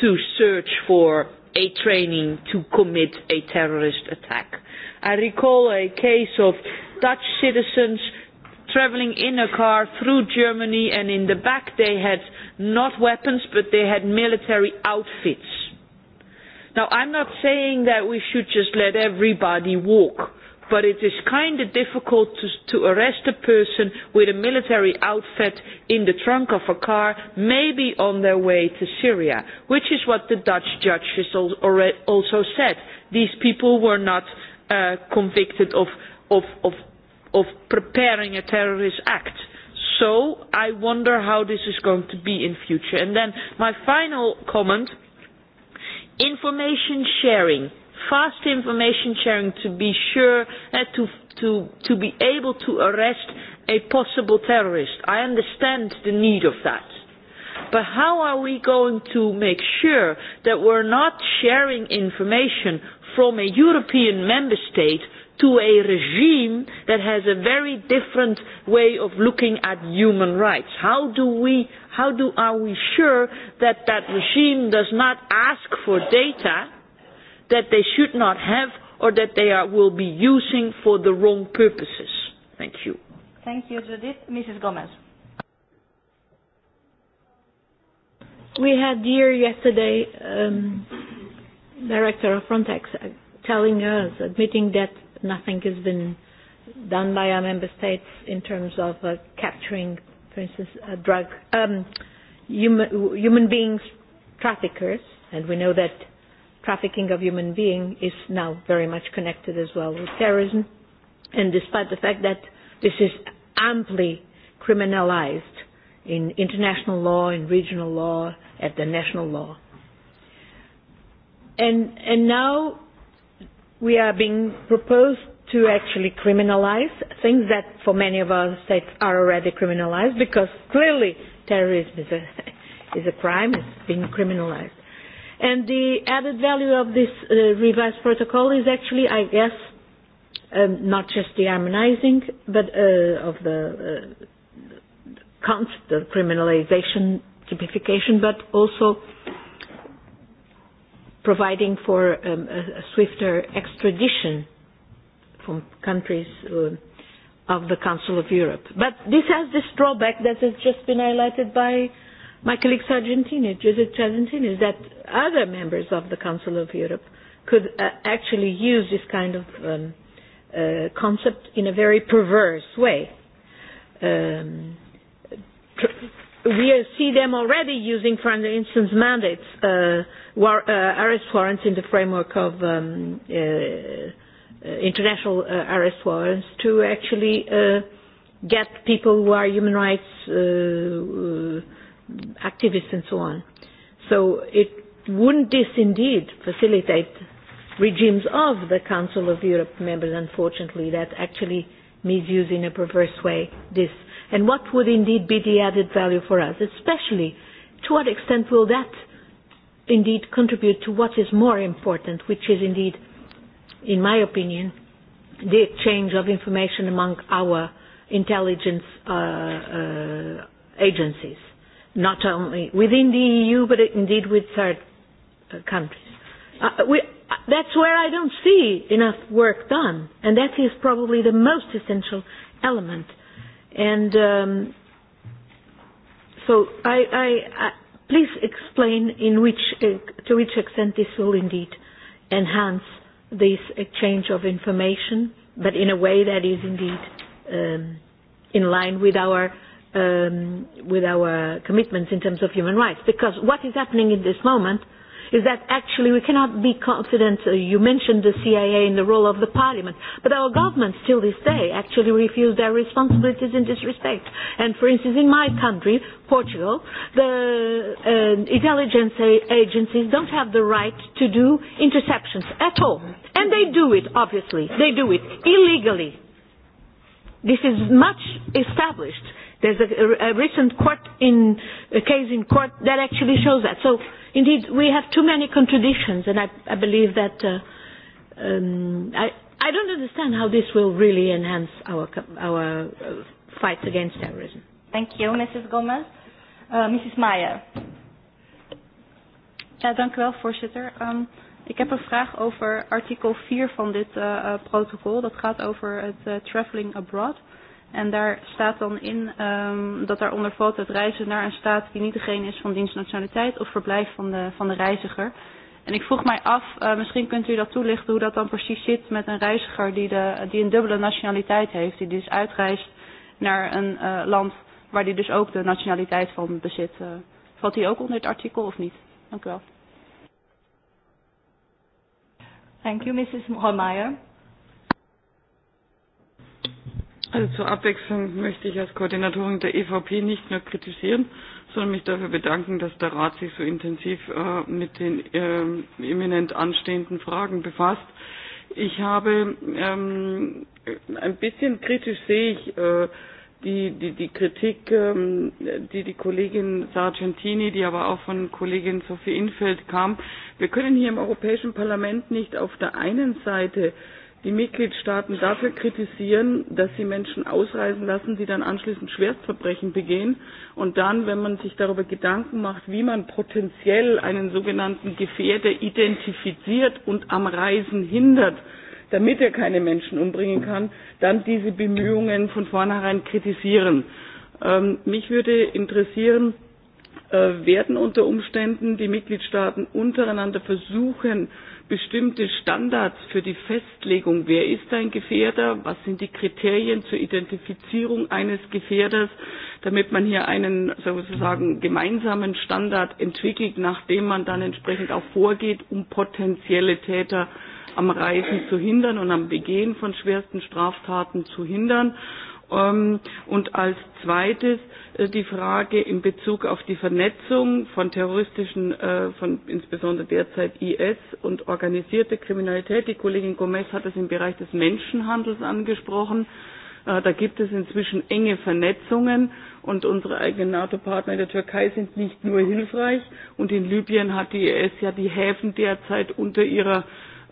to search for a training to commit a terrorist attack? I recall a case of Dutch citizens traveling in a car through Germany, and in the back they had not weapons, but they had military outfits Now, I'm not saying that we should just let everybody walk, but it is kind of difficult to, to arrest a person with a military outfit in the trunk of a car, maybe on their way to Syria, which is what the Dutch judge has also said. These people were not uh, convicted of, of, of, of preparing a terrorist act. So I wonder how this is going to be in future. And then my final comment uh, Information sharing, fast information sharing to be sure uh, to, to, to be able to arrest a possible terrorist. I understand the need of that. But how are we going to make sure that we're not sharing information from a European member state to a regime that has a very different way of looking at human rights? How do we How do, are we sure that that regime does not ask for data that they should not have or that they are, will be using for the wrong purposes? Thank you. Thank you, Judith. Mrs. Gomez. We had here yesterday um, director of Frontex uh, telling us, admitting that nothing has been done by our member states in terms of uh, capturing for instance, uh, drug um, human, human beings traffickers, and we know that trafficking of human beings is now very much connected as well with terrorism. And despite the fact that this is amply criminalized in international law, in regional law, at the national law. And, and now we are being proposed to actually criminalize things that for many of our states are already criminalized because clearly terrorism is a, is a crime, it's been criminalized. And the added value of this uh, revised protocol is actually, I guess, um, not just the harmonizing but uh, of the uh, concept of criminalization typification, but also providing for um, a, a swifter extradition from countries uh, of the Council of Europe. But this has this drawback that has just been highlighted by my colleagues Argentina, Judith Argentina, is that other members of the Council of Europe could uh, actually use this kind of um, uh, concept in a very perverse way. Um, we see them already using, for instance, mandates, uh, war, uh, arrest warrants in the framework of um, uh, Uh, international uh, arrest warrants to actually uh, get people who are human rights uh, uh, activists and so on. So it wouldn't this indeed facilitate regimes of the Council of Europe members, unfortunately, that actually misuse in a perverse way this? And what would indeed be the added value for us, especially to what extent will that indeed contribute to what is more important, which is indeed in my opinion, the exchange of information among our intelligence uh, uh, agencies, not only within the EU, but indeed with third uh, countries. Uh, we, uh, that's where I don't see enough work done, and that is probably the most essential element. And um, so, I, I, I, please explain in which, uh, to which extent this will indeed enhance uh, this exchange of information, but in a way that is indeed um, in line with our um, with our commitments in terms of human rights. Because what is happening in this moment is that actually we cannot be confident. Uh, you mentioned the CIA and the role of the parliament, but our governments till this day actually refuse their responsibilities in this respect. And for instance, in my country, Portugal, the uh, intelligence agencies don't have the right to do interceptions at all. And they do it, obviously. They do it illegally. This is much established There's a, a recent court in, a case in court that actually shows that. So, indeed, we have too many contradictions, and I, I believe that uh, um, I, I don't understand how this will really enhance our, our uh, fight against terrorism. Thank you, Mrs. Gomez. Uh, Mrs. Meyer. Ja, dank u wel, voorzitter. Um, Ik heb een vraag over artikel 4 van dit uh, protocol. Dat gaat over het uh, traveling abroad. En daar staat dan in um, dat daaronder valt het reizen naar een staat die niet degene is van dienstnationaliteit of verblijf van de, van de reiziger. En ik vroeg mij af, uh, misschien kunt u dat toelichten hoe dat dan precies zit met een reiziger die, de, die een dubbele nationaliteit heeft. Die dus uitreist naar een uh, land waar die dus ook de nationaliteit van bezit. Uh, valt die ook onder het artikel of niet? Dank u wel. Thank you, Mrs. Holmeyer. Also zur Abwechslung möchte ich als Koordinatorin der EVP nicht nur kritisieren, sondern mich dafür bedanken, dass der Rat sich so intensiv äh, mit den äh, imminent anstehenden Fragen befasst. Ich habe ähm, ein bisschen kritisch sehe ich äh, die, die, die Kritik, ähm, die die Kollegin Sargentini, die aber auch von Kollegin Sophie Infeld kam. Wir können hier im Europäischen Parlament nicht auf der einen Seite äh, die Mitgliedstaaten dafür kritisieren, dass sie Menschen ausreisen lassen, die dann anschließend Schwerstverbrechen begehen. Und dann, wenn man sich darüber Gedanken macht, wie man potenziell einen sogenannten Gefährder identifiziert und am Reisen hindert, damit er keine Menschen umbringen kann, dann diese Bemühungen von vornherein kritisieren. Ähm, mich würde interessieren, äh, werden unter Umständen die Mitgliedstaaten untereinander versuchen, äh, bestimmte Standards für die Festlegung, wer ist ein Gefährder, was sind die Kriterien zur Identifizierung eines Gefährders, damit man hier einen sozusagen gemeinsamen Standard entwickelt, nach dem man dann entsprechend auch vorgeht, um potenzielle Täter am Reisen zu hindern und am Begehen von schwersten Straftaten zu hindern. Ähm, und als zweites äh, die Frage in Bezug auf die Vernetzung von terroristischen, äh, von insbesondere derzeit IS und organisierte Kriminalität. Die Kollegin Gomez hat es im Bereich des Menschenhandels angesprochen. Äh, da gibt es inzwischen enge Vernetzungen und unsere eigenen NATO-Partner in der Türkei sind nicht nur hilfreich. Und in Libyen hat die IS ja die Häfen derzeit unter ihrer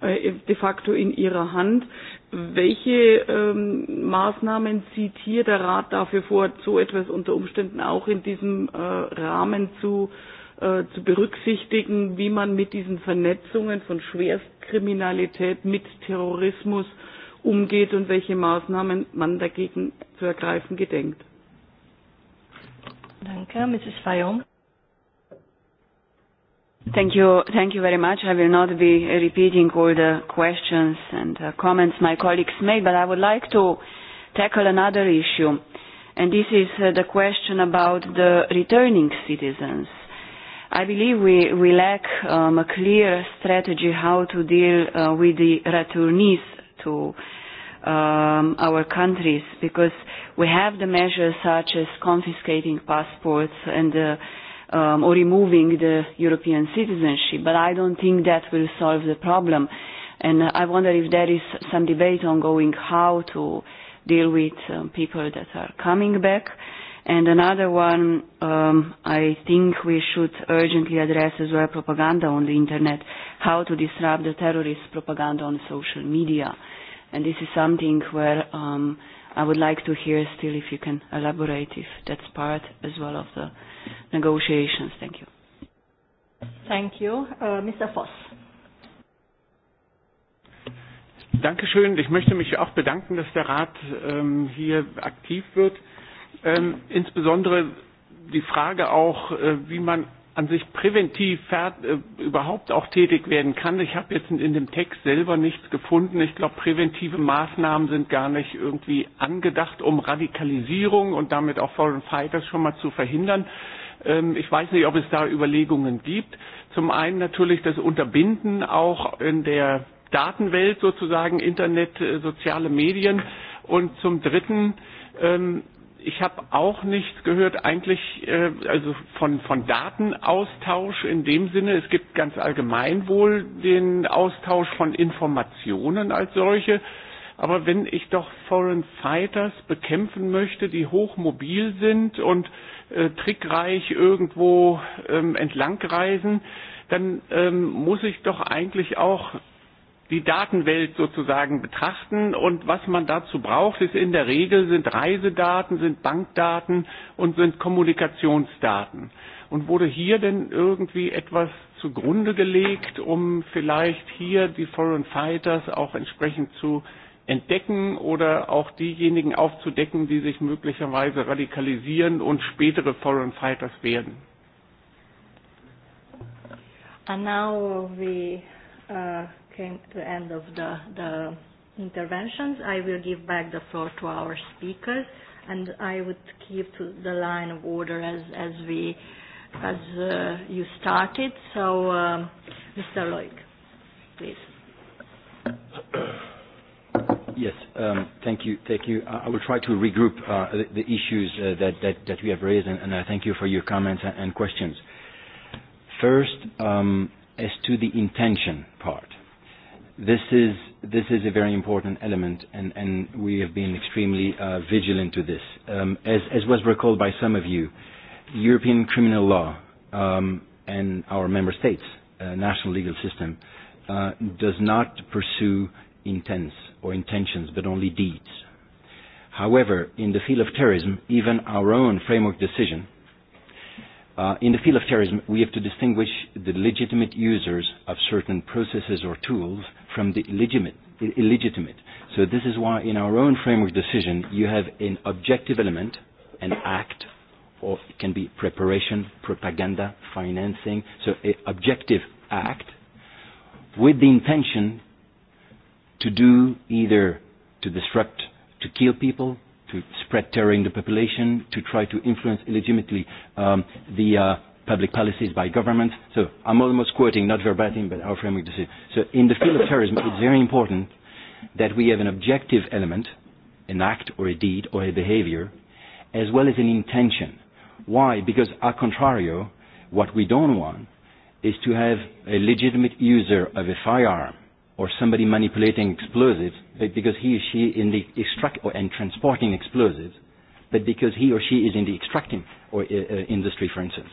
de facto in ihrer Hand. Welche ähm, Maßnahmen sieht hier der Rat dafür vor, so etwas unter Umständen auch in diesem äh, Rahmen zu, äh, zu berücksichtigen, wie man mit diesen Vernetzungen von Schwerstkriminalität mit Terrorismus umgeht und welche Maßnahmen man dagegen zu ergreifen gedenkt? Danke, Mrs. Fayon. Thank you. Thank you very much. I will not be repeating all the questions and uh, comments my colleagues made, but I would like to tackle another issue, and this is uh, the question about the returning citizens. I believe we, we lack um, a clear strategy how to deal uh, with the returnees to um, our countries because we have the measures such as confiscating passports and uh, um, or removing the European citizenship, but I don't think that will solve the problem. And I wonder if there is some debate ongoing how to deal with um, people that are coming back. And another one, um, I think we should urgently address as well propaganda on the internet, how to disrupt the terrorist propaganda on social media. And this is something where um, I would like to hear still if you can elaborate if that's part as well of the negotiations. Thank you. Thank you. Uh, Mr. Voss. Dankeschön. Ich möchte mich auch bedanken, dass der Rat ähm, hier aktiv wird. Ähm, insbesondere die Frage auch, äh, wie man an sich präventiv äh, überhaupt auch tätig werden kann. Ich habe jetzt in dem Text selber nichts gefunden. Ich glaube, präventive Maßnahmen sind gar nicht irgendwie angedacht, um Radikalisierung und damit auch Foreign Fighters schon mal zu verhindern. Ähm, ich weiß nicht, ob es da Überlegungen gibt. Zum einen natürlich das Unterbinden auch in der Datenwelt sozusagen, Internet, äh, soziale Medien. Und zum Dritten ähm, Ich habe auch nicht gehört, eigentlich äh, also von, von Datenaustausch in dem Sinne. Es gibt ganz allgemein wohl den Austausch von Informationen als solche. Aber wenn ich doch Foreign Fighters bekämpfen möchte, die hochmobil sind und äh, trickreich irgendwo ähm, entlangreisen, dann ähm, muss ich doch eigentlich auch die Datenwelt sozusagen betrachten. Und was man dazu braucht, ist in der Regel sind Reisedaten, sind Bankdaten und sind Kommunikationsdaten. Und wurde hier denn irgendwie etwas zugrunde gelegt, um vielleicht hier die Foreign Fighters auch entsprechend zu entdecken oder auch diejenigen aufzudecken, die sich möglicherweise radikalisieren und spätere Foreign Fighters werden? And now the uh, came to the end of the, the interventions. I will give back the floor to our speakers, and I would keep to the line of order as, as, we, as uh, you started. So, um, Mr. Loic, please. Yes. Um, thank you. Thank you. I will try to regroup uh, the, the issues uh, that, that, that we have raised, and, and I thank you for your comments and, and questions. First, um, as to the intention part this is this is a very important element, and, and we have been extremely uh, vigilant to this. Um, as, as was recalled by some of you, European criminal law um, and our member states' uh, national legal system uh, does not pursue intents or intentions, but only deeds. However, in the field of terrorism, even our own framework decision, uh, in the field of terrorism, we have to distinguish the legitimate users of certain processes or tools – from the illegitimate. illegitimate. So this is why in our own framework decision you have an objective element, an act, or it can be preparation, propaganda, financing. So an objective act with the intention to do either to disrupt, to kill people, to spread terror in the population, to try to influence illegitimately um, the uh, public policies by governments. So I'm almost quoting, not verbatim, but our framework decision. So in the field of terrorism, it's very important that we have an objective element, an act or a deed or a behavior, as well as an intention. Why? Because a contrario, what we don't want is to have a legitimate user of a firearm or somebody manipulating explosives because he or she in the extract or and transporting explosives, but because he or she is in the extracting or uh, uh industry, for instance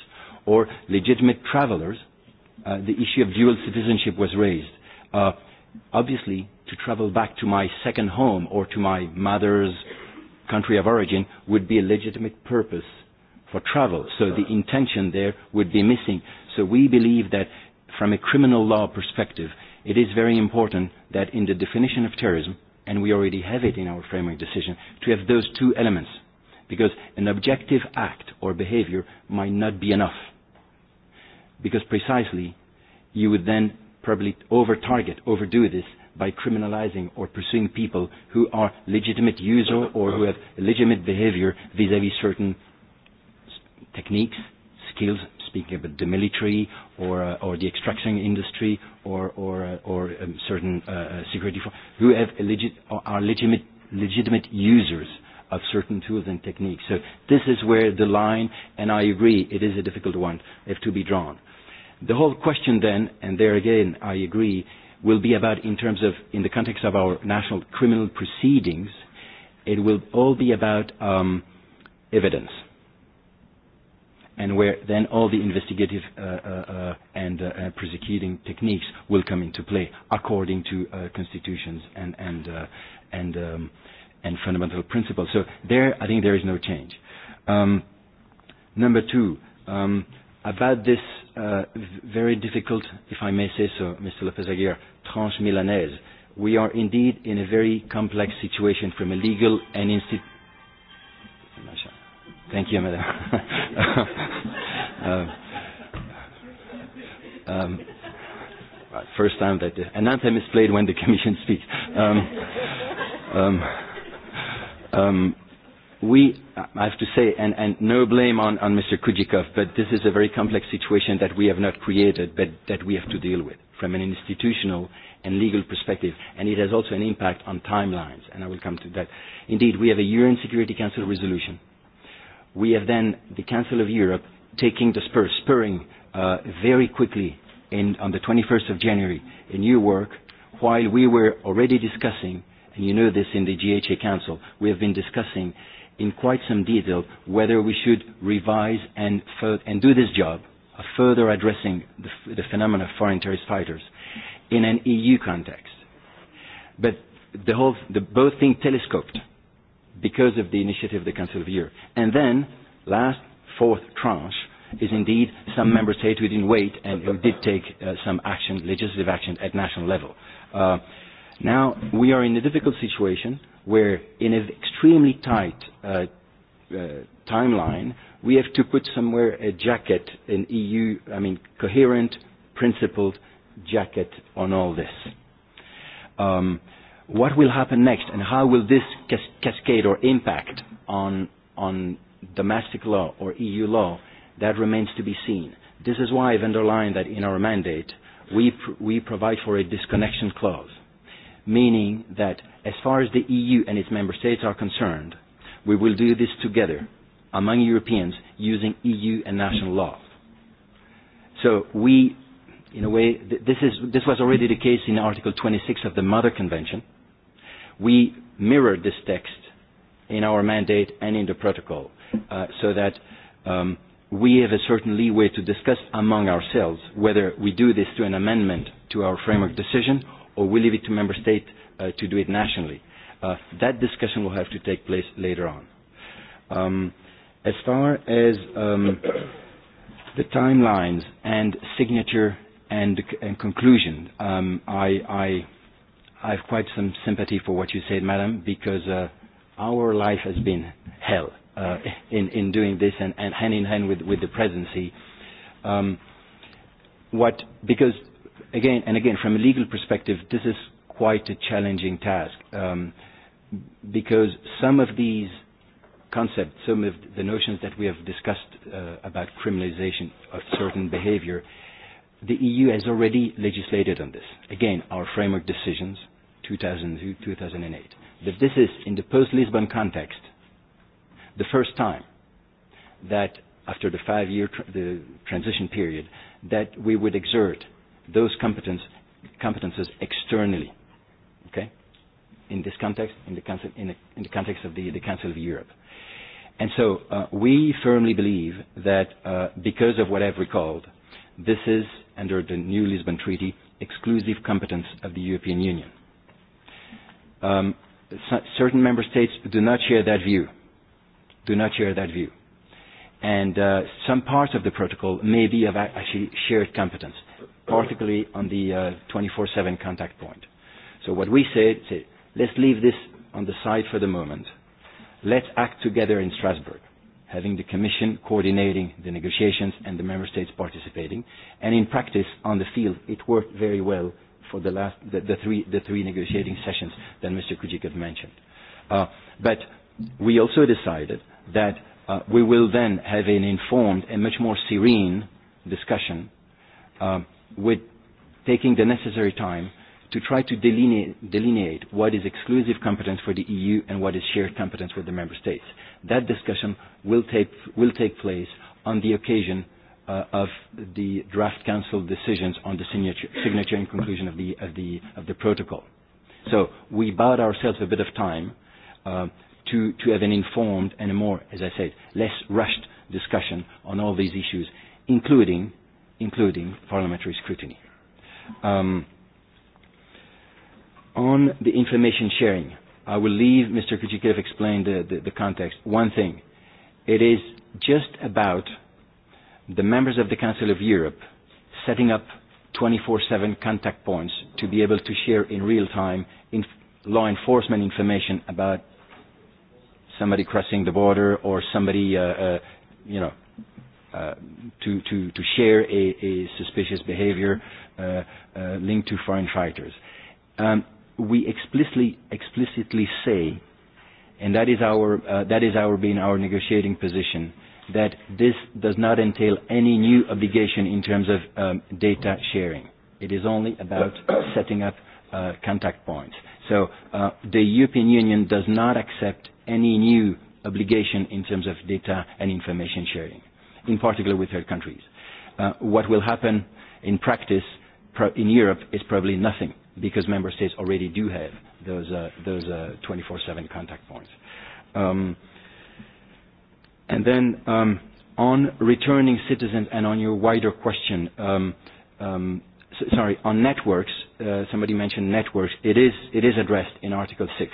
or legitimate travelers, uh, the issue of dual citizenship was raised. Uh, obviously, to travel back to my second home or to my mother's country of origin would be a legitimate purpose for travel. So the intention there would be missing. So we believe that from a criminal law perspective, it is very important that in the definition of terrorism, and we already have it in our framework decision, to have those two elements. Because an objective act or behavior might not be enough because precisely you would then probably over-target, overdo this by criminalizing or pursuing people who are legitimate user or who have legitimate behavior vis-à-vis -vis certain techniques, skills, speaking about the military or, uh, or the extraction industry or, or, uh, or um, certain uh, uh security, who have legit, are legitimate, legitimate users of certain tools and techniques. So this is where the line, and I agree, it is a difficult one, have to be drawn. The whole question then, and there again I agree, will be about in terms of, in the context of our national criminal proceedings, it will all be about um, evidence. And where then all the investigative uh, uh, uh and uh, uh, prosecuting techniques will come into play according to uh, constitutions and, and, uh, and um, uh, and fundamental principles. So there, I think there is no change. Um, number two, um, about this uh, very difficult, if I may say so, Mr. Lopez Aguirre, tranche milanaise, we are indeed in a very complex situation from a legal and institutional. Thank you, madam. um, um, right, first time that the, an anthem is played when the Commission speaks. Um, um, Um, we, I have to say, and, and no blame on, on Mr. Kudikov, but this is a very complex situation that we have not created, but that we have to deal with from an institutional and legal perspective, and it has also an impact on timelines, and I will come to that. Indeed, we have a UN Security Council resolution. We have then the Council of Europe taking the spur, spurring uh, very quickly in, on the 21st of January a new work, while we were already discussing and you know this in the GHA Council, we have been discussing in quite some detail whether we should revise and, and do this job of further addressing the, the phenomenon of foreign terrorist fighters in an EU context. But the whole, the, both things telescoped because of the initiative of the Council of Europe. And then, last, fourth tranche, is indeed some member states who didn't wait and who did take uh, some action, legislative action at national level. Uh, Now, we are in a difficult situation where, in an extremely tight uh, uh, timeline, we have to put somewhere a jacket, an EU, I mean, coherent, principled jacket on all this. Um, what will happen next, and how will this cas- cascade or impact on, on domestic law or EU law? That remains to be seen. This is why I've underlined that in our mandate, we, pr- we provide for a disconnection clause meaning that as far as the EU and its member states are concerned, we will do this together among Europeans using EU and national law. So we, in a way, th this, is, this was already the case in Article 26 of the Mother Convention. We mirrored this text in our mandate and in the protocol uh, so that um, we have a certain leeway to discuss among ourselves whether we do this through an amendment to our framework decision or we leave it to member state uh, to do it nationally. Uh, that discussion will have to take place later on. Um, as far as um, the timelines and signature and, and conclusion, um, I, I, I have quite some sympathy for what you said, madam, because uh, our life has been hell uh, in, in doing this and, and hand in hand with, with the presidency. Um, what, because again and again, from a legal perspective, this is quite a challenging task um, because some of these concepts, some of the notions that we have discussed uh, about criminalization of certain behavior, the EU has already legislated on this. Again, our framework decisions, 2002, 2008. But this is, in the post-Lisbon context, the first time that after the five-year tr- the transition period, that we would exert those competence, competences externally. Okay? In this context, in the, concept, in the, in the context of the, the Council of Europe. And so uh, we firmly believe that uh, because of what I've recalled, this is, under the new Lisbon Treaty, exclusive competence of the European Union. Um, certain member states do not share that view. Do not share that view. And uh, some parts of the protocol may be of actually shared competence particularly on the 24/7 uh, contact point. So what we said, say, let's leave this on the side for the moment. Let's act together in Strasbourg, having the Commission coordinating the negotiations and the member states participating. And in practice, on the field, it worked very well for the last the, the three the three negotiating sessions that Mr. Kujikov mentioned. Uh, but we also decided that uh, we will then have an informed and much more serene discussion um, with taking the necessary time to try to delineate, delineate what is exclusive competence for the EU and what is shared competence with the member states. That discussion will take, will take place on the occasion uh, of the draft council decisions on the signature, signature and conclusion of the, of, the, of the protocol. So we bought ourselves a bit of time uh, to, to have an informed and a more, as I said, less rushed discussion on all these issues, including including parliamentary scrutiny. Um, on the information sharing, I will leave Mr. Kuchikev explain the, the, the context. One thing, it is just about the members of the Council of Europe setting up 24-7 contact points to be able to share in real time in law enforcement information about somebody crossing the border or somebody, uh, uh, you know, uh, to, to, to share a, a suspicious behavior uh, uh, linked to foreign fighters. Um, we explicitly, explicitly say, and that is, our, uh, that is our being our negotiating position, that this does not entail any new obligation in terms of um, data sharing. It is only about setting up uh, contact points. So uh, the European Union does not accept any new obligation in terms of data and information sharing in particular with third countries. Uh, what will happen in practice pro- in Europe is probably nothing because member states already do have those, uh, those uh, 24-7 contact points. Um, and then um, on returning citizens and on your wider question, um, um, so, sorry, on networks, uh, somebody mentioned networks. It is, it is addressed in Article 6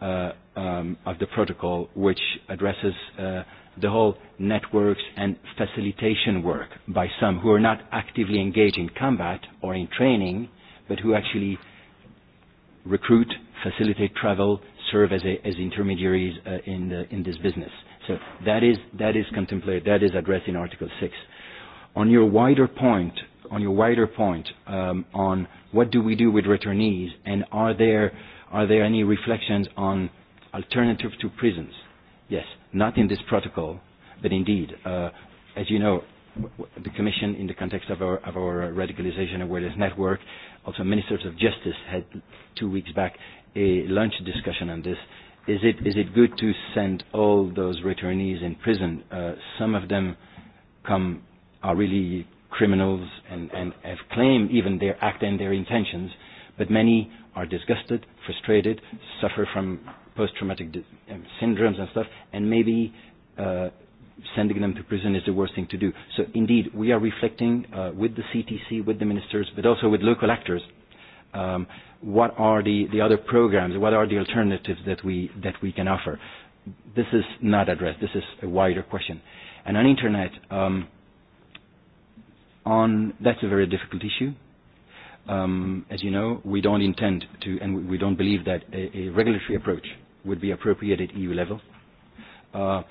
uh, um, of the protocol, which addresses uh, the whole networks and facilitation work by some who are not actively engaged in combat or in training, but who actually recruit, facilitate travel, serve as, a, as intermediaries uh, in, the, in this business. So that is, that is contemplated, that is addressed in Article 6. On your wider point, on your wider point um, on what do we do with returnees and are there, are there any reflections on alternative to prisons? Yes not in this protocol, but indeed, uh, as you know, the Commission, in the context of our, of our radicalization awareness network, also ministers of justice had two weeks back a lunch discussion on this. Is it, is it good to send all those returnees in prison? Uh, some of them come are really criminals and, and have claimed even their act and their intentions, but many are disgusted, frustrated, suffer from post-traumatic um, syndromes and stuff, and maybe uh, sending them to prison is the worst thing to do. So indeed, we are reflecting uh, with the CTC, with the ministers, but also with local actors, um, what are the, the other programs, what are the alternatives that we, that we can offer. This is not addressed. This is a wider question. And on internet, um, on, that's a very difficult issue. Um, as you know, we don't intend to, and we don't believe that a, a regulatory approach would be appropriate at EU level. Uh,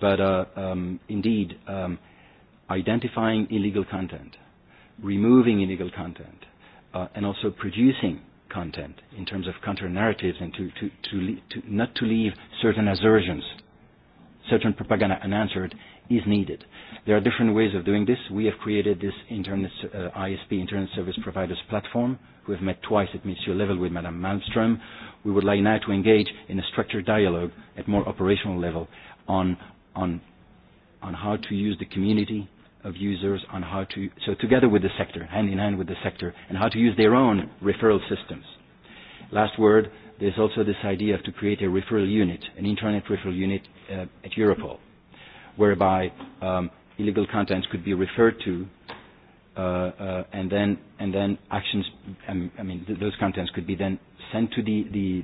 but uh, um, indeed, um, identifying illegal content, removing illegal content, uh, and also producing content in terms of counter-narratives and to, to, to, to, not to leave certain assertions, certain propaganda unanswered is needed. There are different ways of doing this. We have created this internet, uh, ISP, Internet Service Providers Platform. We have met twice at ministerial level with Madame Malmström. We would like now to engage in a structured dialogue at more operational level on, on, on how to use the community of users on how to, so together with the sector, hand in hand with the sector, and how to use their own referral systems. Last word, there's also this idea of to create a referral unit, an intranet referral unit uh, at Europol, whereby um, illegal contents could be referred to, uh, uh, and then and then actions. Um, I mean, th- those contents could be then sent to the, the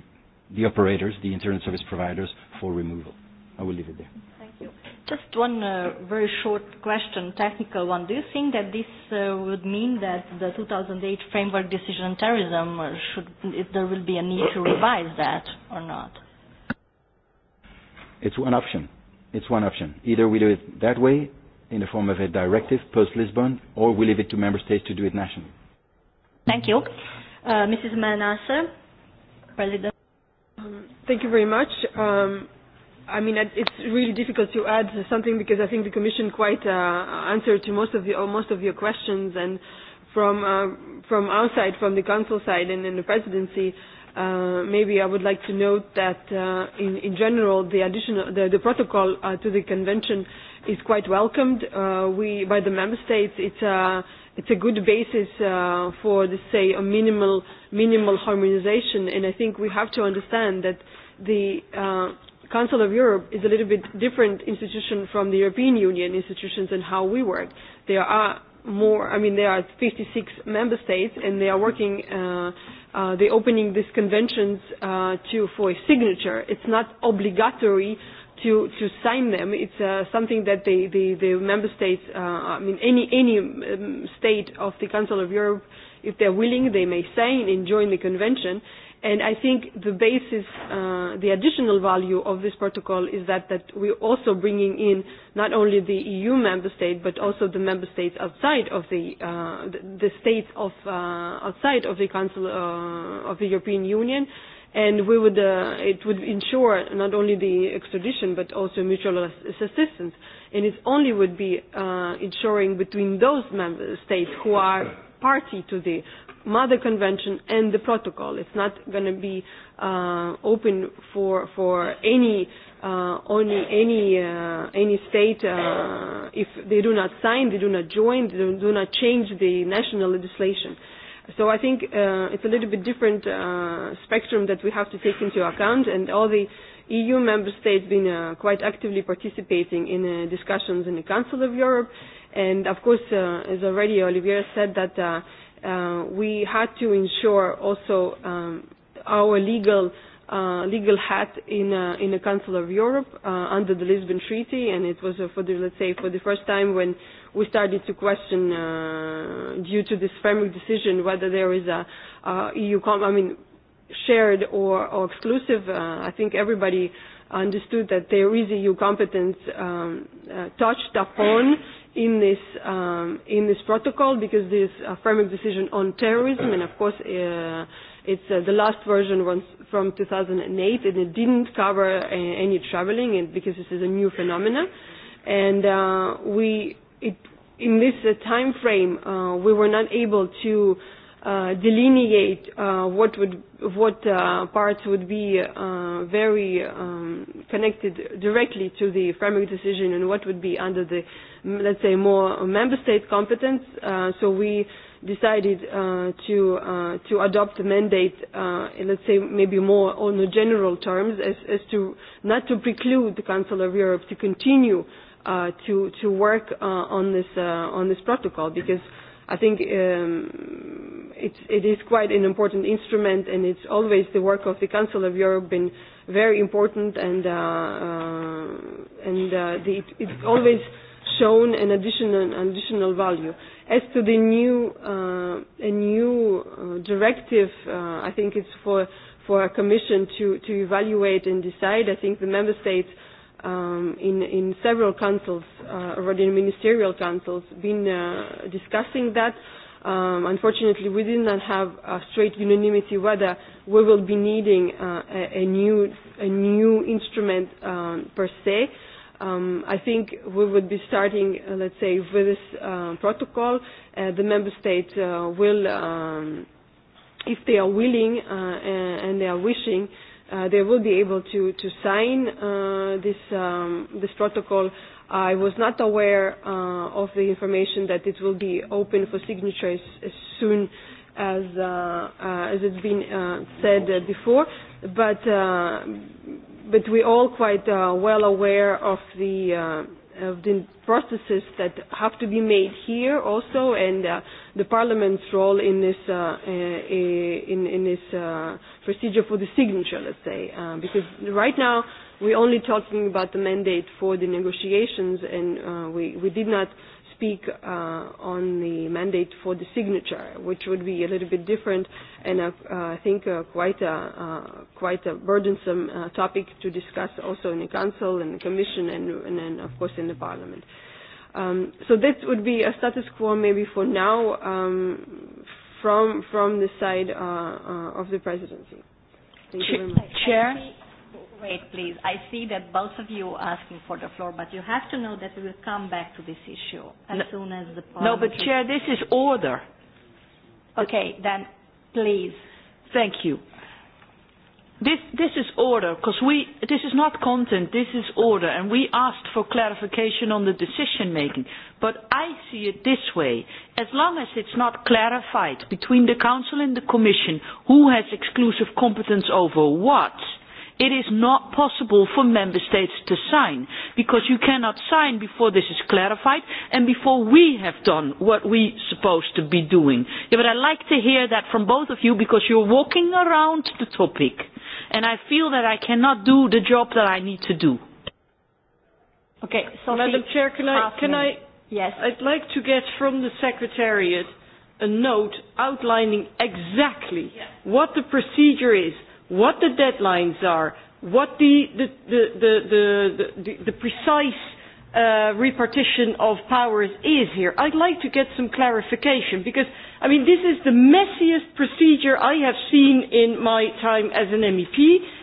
the operators, the internet service providers, for removal. I will leave it there. Thank you. Just one uh, very short question, technical one. Do you think that this uh, would mean that the 2008 framework decision on terrorism uh, should, if there will be a need to revise that or not? It's one option. It's one option. Either we do it that way in the form of a directive post-Lisbon, or we leave it to member states to do it nationally? Thank you. Uh, Mrs. Manasseh, President. Um, thank you very much. Um, I mean, it's really difficult to add something because I think the Commission quite uh, answered to most of the uh, most of your questions, and from uh, from our side, from the Council side, and in the Presidency, uh, maybe I would like to note that uh, in in general, the additional the, the protocol uh, to the Convention is quite welcomed uh, we, by the member states. It's a, it's a good basis uh, for, let's say, a minimal, minimal harmonization. And I think we have to understand that the uh, Council of Europe is a little bit different institution from the European Union institutions and how we work. There are more, I mean, there are 56 member states, and they are working. Uh, uh, they're opening these conventions uh, to for signature. It's not obligatory to to sign them. It's uh, something that the the, the member states, uh, I mean, any any um, state of the Council of Europe, if they're willing, they may sign and join the convention. And I think the basis, uh, the additional value of this protocol is that that we're also bringing in not only the EU member state but also the member states outside of the uh, the, the states of uh, outside of the Council uh, of the European Union. Uh, and we would, uh, it would ensure not only the extradition but also mutual assistance. And it only would be uh, ensuring between those member states who are party to the Mother Convention and the protocol. It's not going to be uh, open for for any uh, only any uh, any state uh, if they do not sign, they do not join, they do not change the national legislation. Uh, So I think uh, it's a little bit different uh, spectrum that we have to take into account, and all the EU member states been uh, quite actively participating in uh, discussions in the Council of Europe, and of course, uh, as already Olivier said, that uh, uh, we had to ensure also um, our legal uh, legal hat in uh, in the Council of Europe uh, under the Lisbon Treaty, and it was uh, for the let's say for the first time when we started to question, uh, due to this framework decision, whether there is a uh, EU, com- I mean, shared or, or exclusive. Uh, I think everybody understood that there is EU competence um, uh, touched upon in this um, in this protocol because this uh, framework decision on terrorism, and of course uh, it's uh, the last version was from 2008, and it didn't cover uh, any traveling, and because this is a new phenomenon, and uh, we it, in this uh, time frame, uh, we were not able to uh, delineate uh, what would what uh, parts would be uh, very um, connected directly to the framework decision and what would be under the let's say more member state competence. Uh, so we decided uh, to uh, to adopt a mandate, uh, let's say maybe more on the general terms, as as to not to preclude the Council of Europe to continue uh, uh, to to work uh, on this uh, on this protocol because I think um, it's, it is quite an important instrument and it's always the work of the Council of Europe been very important and uh, uh, and uh, the, it, it's always shown an additional an additional value. As to the new uh, a new uh, directive, uh, I think it's for for a commission to to evaluate and decide. I think the member states uh, um, in, in several councils, uh, already in ministerial councils, been uh, discussing that. Um, unfortunately, we did not have a straight unanimity whether we will be needing uh, a, a, new, a new instrument um, per se. Um, I think we would be starting, uh, let's say, with this uh, protocol. Uh, the member states uh, will, um, if they are willing uh, and, and they are wishing, uh, uh, they will be able to, to sign uh, this, um, this protocol. I was not aware uh, of the information that it will be open for signatures as soon as, uh, uh, as it's been uh, said uh, before, but, uh, but we're all quite uh, well aware of the uh, of the processes that have to be made here also and uh, the parliament's role in this uh, uh, in, in this uh, procedure for the signature let's say uh, because right now we're only talking about the mandate for the negotiations and uh, we, we did not uh, speak uh, on the mandate for the signature, which would be a little bit different and uh, uh, I think uh, quite a uh, quite a burdensome uh, topic to discuss also in the Council and the Commission and, and then of course in the Parliament. Um, so that would be a status quo maybe for now um, from from the side uh, uh, of the presidency. Thank you very much. Chair wait, please. I see that both of you are asking for the floor, but you have to know that we will come back to this issue as no, soon as the parliament... No, but Chair, this is order. Okay, then please. Thank you. This, this is order, because we, this is not content, this is order, and we asked for clarification on the decision making. But I see it this way. As long as it's not clarified between the Council and the Commission who has exclusive competence over what, uh, it is not possible for member states to sign because you cannot sign before this is clarified and before we have done what we are supposed to be doing. Yeah, but I like to hear that from both of you because you're walking around the topic and I feel that I cannot do the job that I need to do. Okay, Sophie, Madam Chair, can I, can I, yes. I'd like to get from the Secretariat a note outlining exactly yeah. what the procedure is what the deadlines are, what the, the, the, the, the, the, the precise uh, repartition of powers is here. I'd like to get some clarification because, I mean, this is the messiest procedure I have seen in my time as an MEP,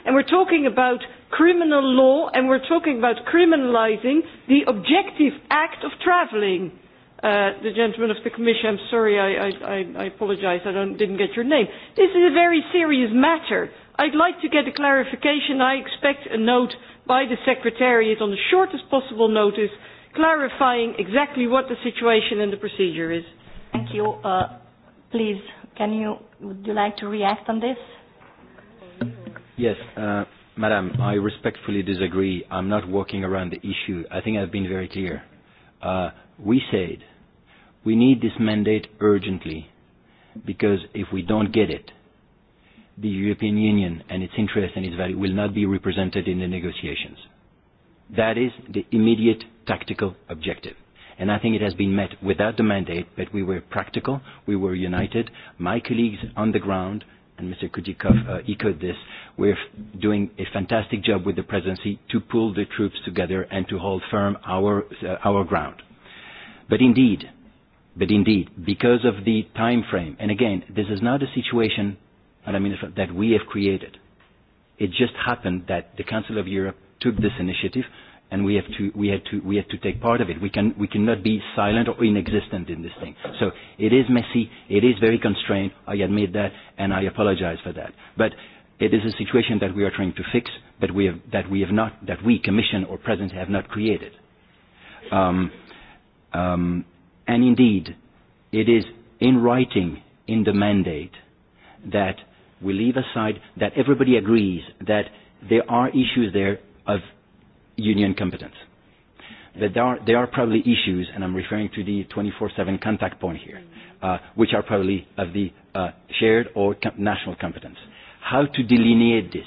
and we're talking about criminal law and we're talking about criminalizing the objective act of traveling. Uh, the gentleman of the commission, I'm sorry, I, I, I apologize, I don't, didn't get your name. This is a very serious matter I'd like to get a clarification. I expect a note by the Secretariat on the shortest possible notice clarifying exactly what the situation and the procedure is. Thank you. Uh, please, can you, would you like to react on this? Yes, uh, Madam, I respectfully disagree. I'm not walking around the issue. I think I've been very clear. Uh, we said we need this mandate urgently because if we don't get it, the European Union and its interests and its value will not be represented in the negotiations. That is the immediate tactical objective. And I think it has been met without the mandate, but we were practical, we were united. My colleagues on the ground, and Mr. Kudikov uh, echoed this, we're f- doing a fantastic job with the presidency to pull the troops together and to hold firm our, uh, our ground. But indeed, but indeed, because of the time frame, and again, this is not a situation Madam Minister, that we have created. It just happened that the Council of Europe took this initiative, and we have to we had to we had to take part of it. We can we cannot be silent or inexistent in this thing. So it is messy. It is very constrained. I admit that, and I apologize for that. But it is a situation that we are trying to fix, but we have that we have not that we Commission or President have not created. Um, um, and indeed, it is in writing in the mandate that we leave aside that everybody agrees that there are issues there of union competence. That there are, there are probably issues, and I'm referring to the 24-7 contact point here, uh, which are probably of the uh, shared or com national competence. How to delineate this?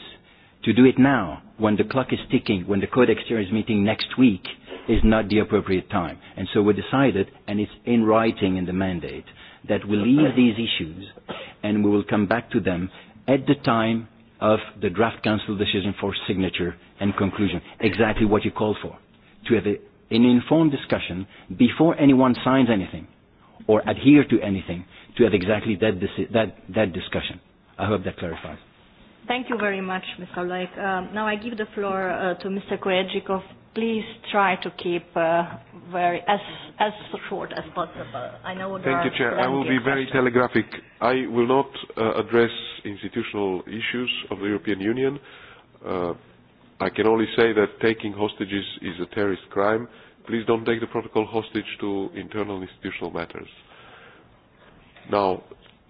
To do it now, when the clock is ticking, when the Codexter is meeting next week, is not the appropriate time. And so we decided, and it's in writing in the mandate, that we leave these issues and we will come back to them at the time of the draft council decision for signature and conclusion. Exactly what you called for. To have a, an informed discussion before anyone signs anything or adhere to anything to have exactly that, dis- that, that discussion. I hope that clarifies. Thank you very much, Mr. Lake. Um, now I give the floor uh, to Mr. Koejikov please try to keep uh, very as as short as possible. I know there Thank you, Chair. I will be very questions. telegraphic. I will not uh, address institutional issues of the European Union. Uh, I can only say that taking hostages is a terrorist crime. Please don't take the protocol hostage to internal institutional matters. Now,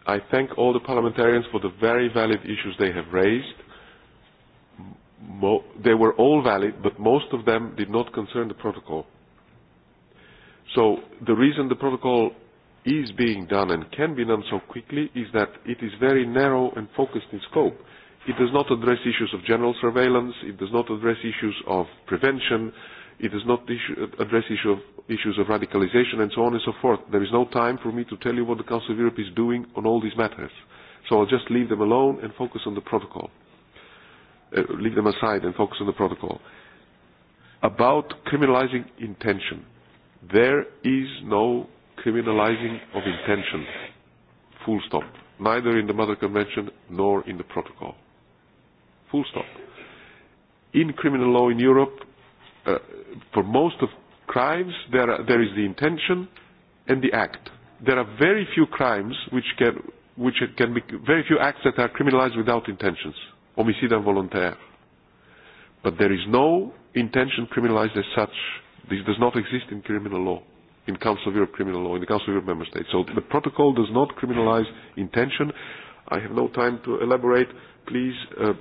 I thank all the parliamentarians for the very valid issues they have raised mo they were all valid, but most of them did not concern the protocol. So the reason the protocol is being done and can be done so quickly is that it is very narrow and focused in scope. It does not address issues of general surveillance. It does not address issues of prevention. It does not issue, address issue of, issues of radicalization and so on and so forth. There is no time for me to tell you what the Council of Europe is doing on all these matters. So I'll just leave them alone and focus on the protocol uh, leave them aside and focus on the protocol. About criminalizing intention, there is no criminalizing of intention, full stop, neither in the Mother Convention nor in the protocol. Full stop. In criminal law in Europe, uh, for most of crimes, there, are, there is the intention and the act. There are very few crimes which can, which can be, very few acts that are criminalized without intentions. Uh, homicide involontaire. But there is no intention criminalized as such. This does not exist in criminal law, in Council of Europe criminal law, in the Council of Europe member states. So the protocol does not criminalize intention. I have no time to elaborate. Please, uh,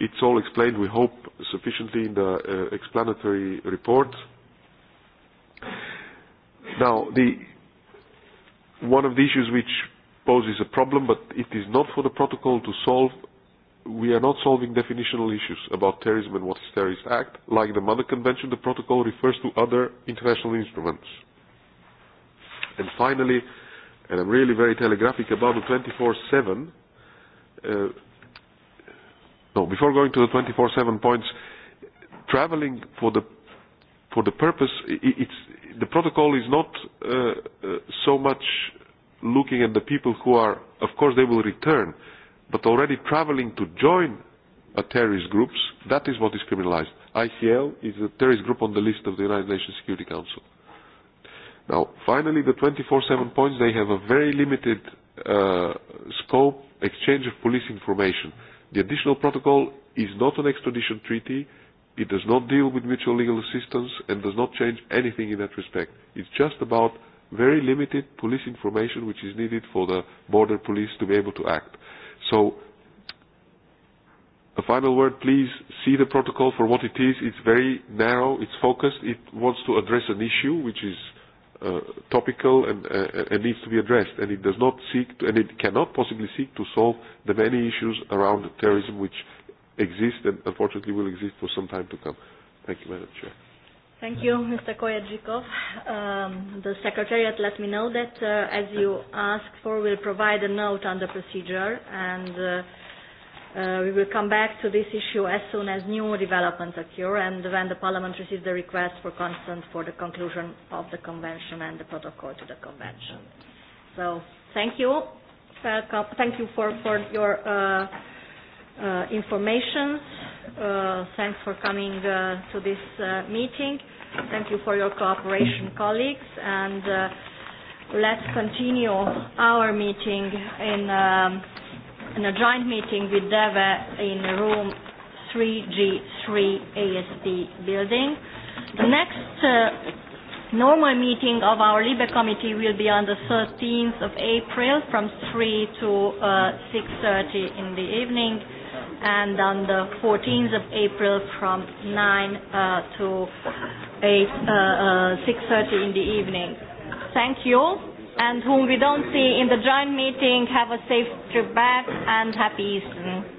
it's all explained, we hope, sufficiently in the uh, explanatory report. Now, the, one of the issues which poses a problem, but it is not for the protocol to solve, we are not solving definitional issues about terrorism and what is terrorist act. Like the Mother Convention, the protocol refers to other international instruments. And finally, and I'm really very telegraphic about the 24-7, uh, no, before going to the 24-7 points, traveling for the, for the purpose, it, it's, the protocol is not uh, uh, so much looking at the people who are, of course they will return, uh, but already traveling to join a terrorist groups, that is what is criminalized. ICL is a terrorist group on the list of the United Nations Security Council. Now, finally, the 24-7 points, they have a very limited uh, scope, exchange of police information. The additional protocol is not an extradition treaty. It does not deal with mutual legal assistance and does not change anything in that respect. It's just about very limited police information which is needed for the border police to be able to act. Uh, So, a final word, please see the protocol for what it is. It's very narrow, it's focused, it wants to address an issue which is uh, topical and, uh, and needs to be addressed, and it does not seek to, and it cannot possibly seek to solve the many issues around terrorism which exist and unfortunately will exist for some time to come. Thank you, Madam Chair. Thank you, Mr. Koyajikov. Um, the Secretariat let me know that, uh, as you asked for, we'll provide a note on the procedure and uh, uh, we will come back to this issue as soon as new developments occur and when the Parliament receives the request for consent for the conclusion of the Convention and the protocol to the Convention. So, thank you. Welcome. Thank you for, for your uh, uh, information. Uh, thanks for coming uh, to this uh, meeting. Thank you for your cooperation, colleagues. And uh, let's continue our meeting in, um, in a joint meeting with DEVE in room 3G3 ASD building. The next uh, normal meeting of our LIBE committee will be on the 13th of April from 3 to uh, 6.30 in the evening and on the 14th of April from 9 uh, to 8, uh, uh, 6.30 in the evening. Thank you all, and whom we don't see in the joint meeting, have a safe trip back and happy Easter.